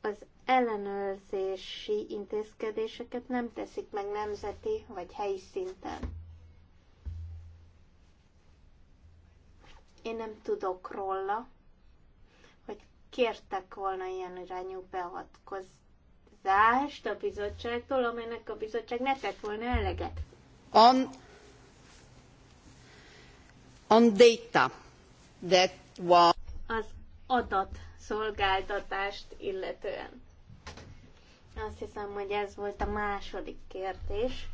Speaker 2: az ellenőrzési intézkedéseket nem teszik meg nemzeti vagy helyi szinten. Én nem tudok róla, hogy kértek volna ilyen irányú beavatkozást a bizottságtól, amelynek a bizottság ne tett volna eleget. On, on data that was... Az adat szolgáltatást illetően. Azt hiszem, hogy ez volt a második kérdés.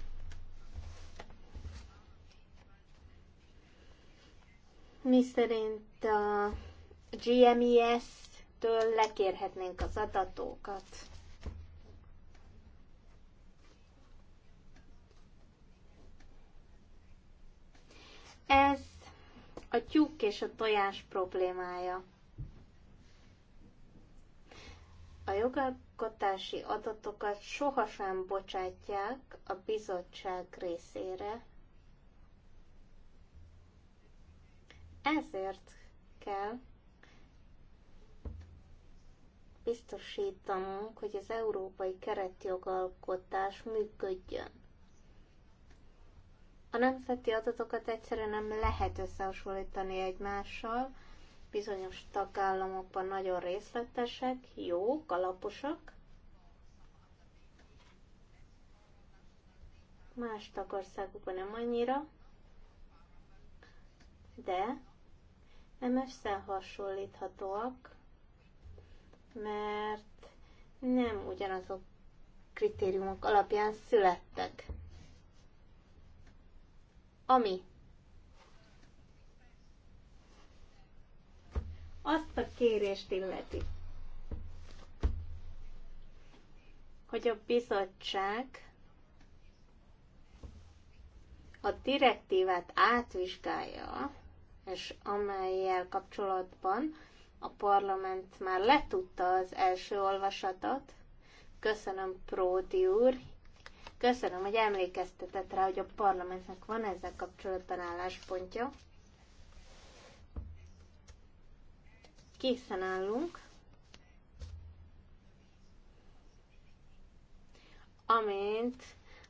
Speaker 2: mi szerint a GMES-től lekérhetnénk az adatokat. Ez a tyúk és a tojás problémája. A jogalkotási adatokat sohasem bocsátják a bizottság részére, Ezért kell biztosítanunk, hogy az európai keretjogalkotás működjön. A nemzeti adatokat egyszerűen nem lehet összehasonlítani egymással, bizonyos tagállamokban nagyon részletesek, jók, alaposak, más tagországokban nem annyira, de nem összehasonlíthatóak, mert nem ugyanazok kritériumok alapján születtek. Ami azt a kérést illeti, hogy a bizottság a direktívát átvizsgálja, és amelyel kapcsolatban a parlament már letudta az első olvasatot. Köszönöm, Pródi úr. Köszönöm, hogy emlékeztetett rá, hogy a parlamentnek van ezzel kapcsolatban álláspontja. Készen állunk. Amint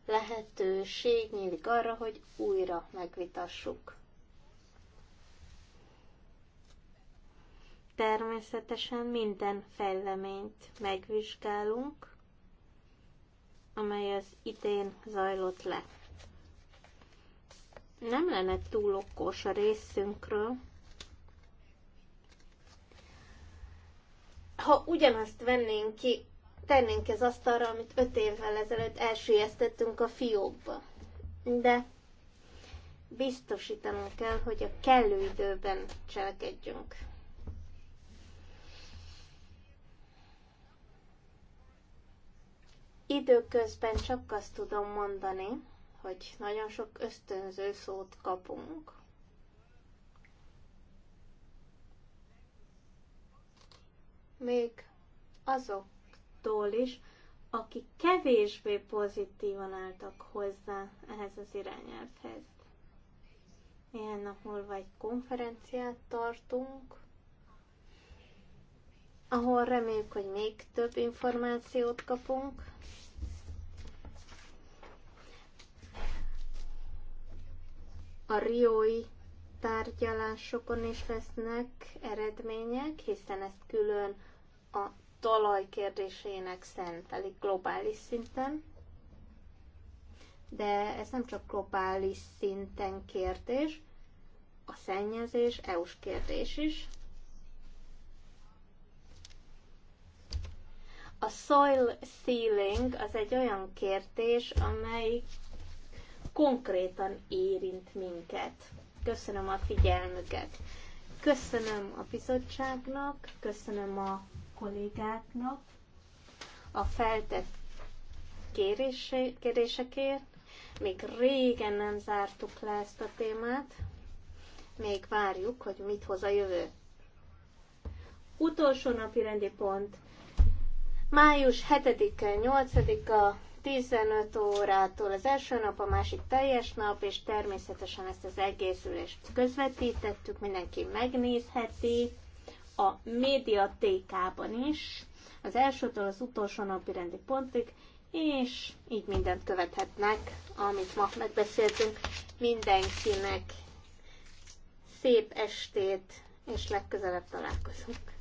Speaker 2: lehetőség nyílik arra, hogy újra megvitassuk. Természetesen minden fejleményt megvizsgálunk, amely az idén zajlott le. Nem lenne túl okos a részünkről, ha ugyanazt vennénk ki, tennénk ez asztalra, amit öt évvel ezelőtt elsőjeztettünk a fiókba. De biztosítanunk kell, hogy a kellő időben cselekedjünk. Időközben csak azt tudom mondani, hogy nagyon sok ösztönző szót kapunk. Még azoktól is, akik kevésbé pozitívan álltak hozzá ehhez az irányelvhez. Ilyen nap múlva egy konferenciát tartunk, ahol reméljük, hogy még több információt kapunk, a riói tárgyalásokon is lesznek eredmények, hiszen ezt külön a talaj kérdésének szenteli globális szinten. De ez nem csak globális szinten kérdés, a szennyezés EU-s kérdés is. A soil sealing az egy olyan kérdés, amelyik konkrétan érint minket. Köszönöm a figyelmüket. Köszönöm a bizottságnak, köszönöm a kollégáknak a feltett kérése, kérésekért. Még régen nem zártuk le ezt a témát, még várjuk, hogy mit hoz a jövő. Utolsó napi rendi pont, május 7-e, 8-a, 15 órától az első nap, a másik teljes nap, és természetesen ezt az egész ülést közvetítettük, mindenki megnézheti a médiatékában is, az elsőtől az utolsó napi rendi pontig, és így mindent követhetnek, amit ma megbeszéltünk. Mindenkinek szép estét, és legközelebb találkozunk.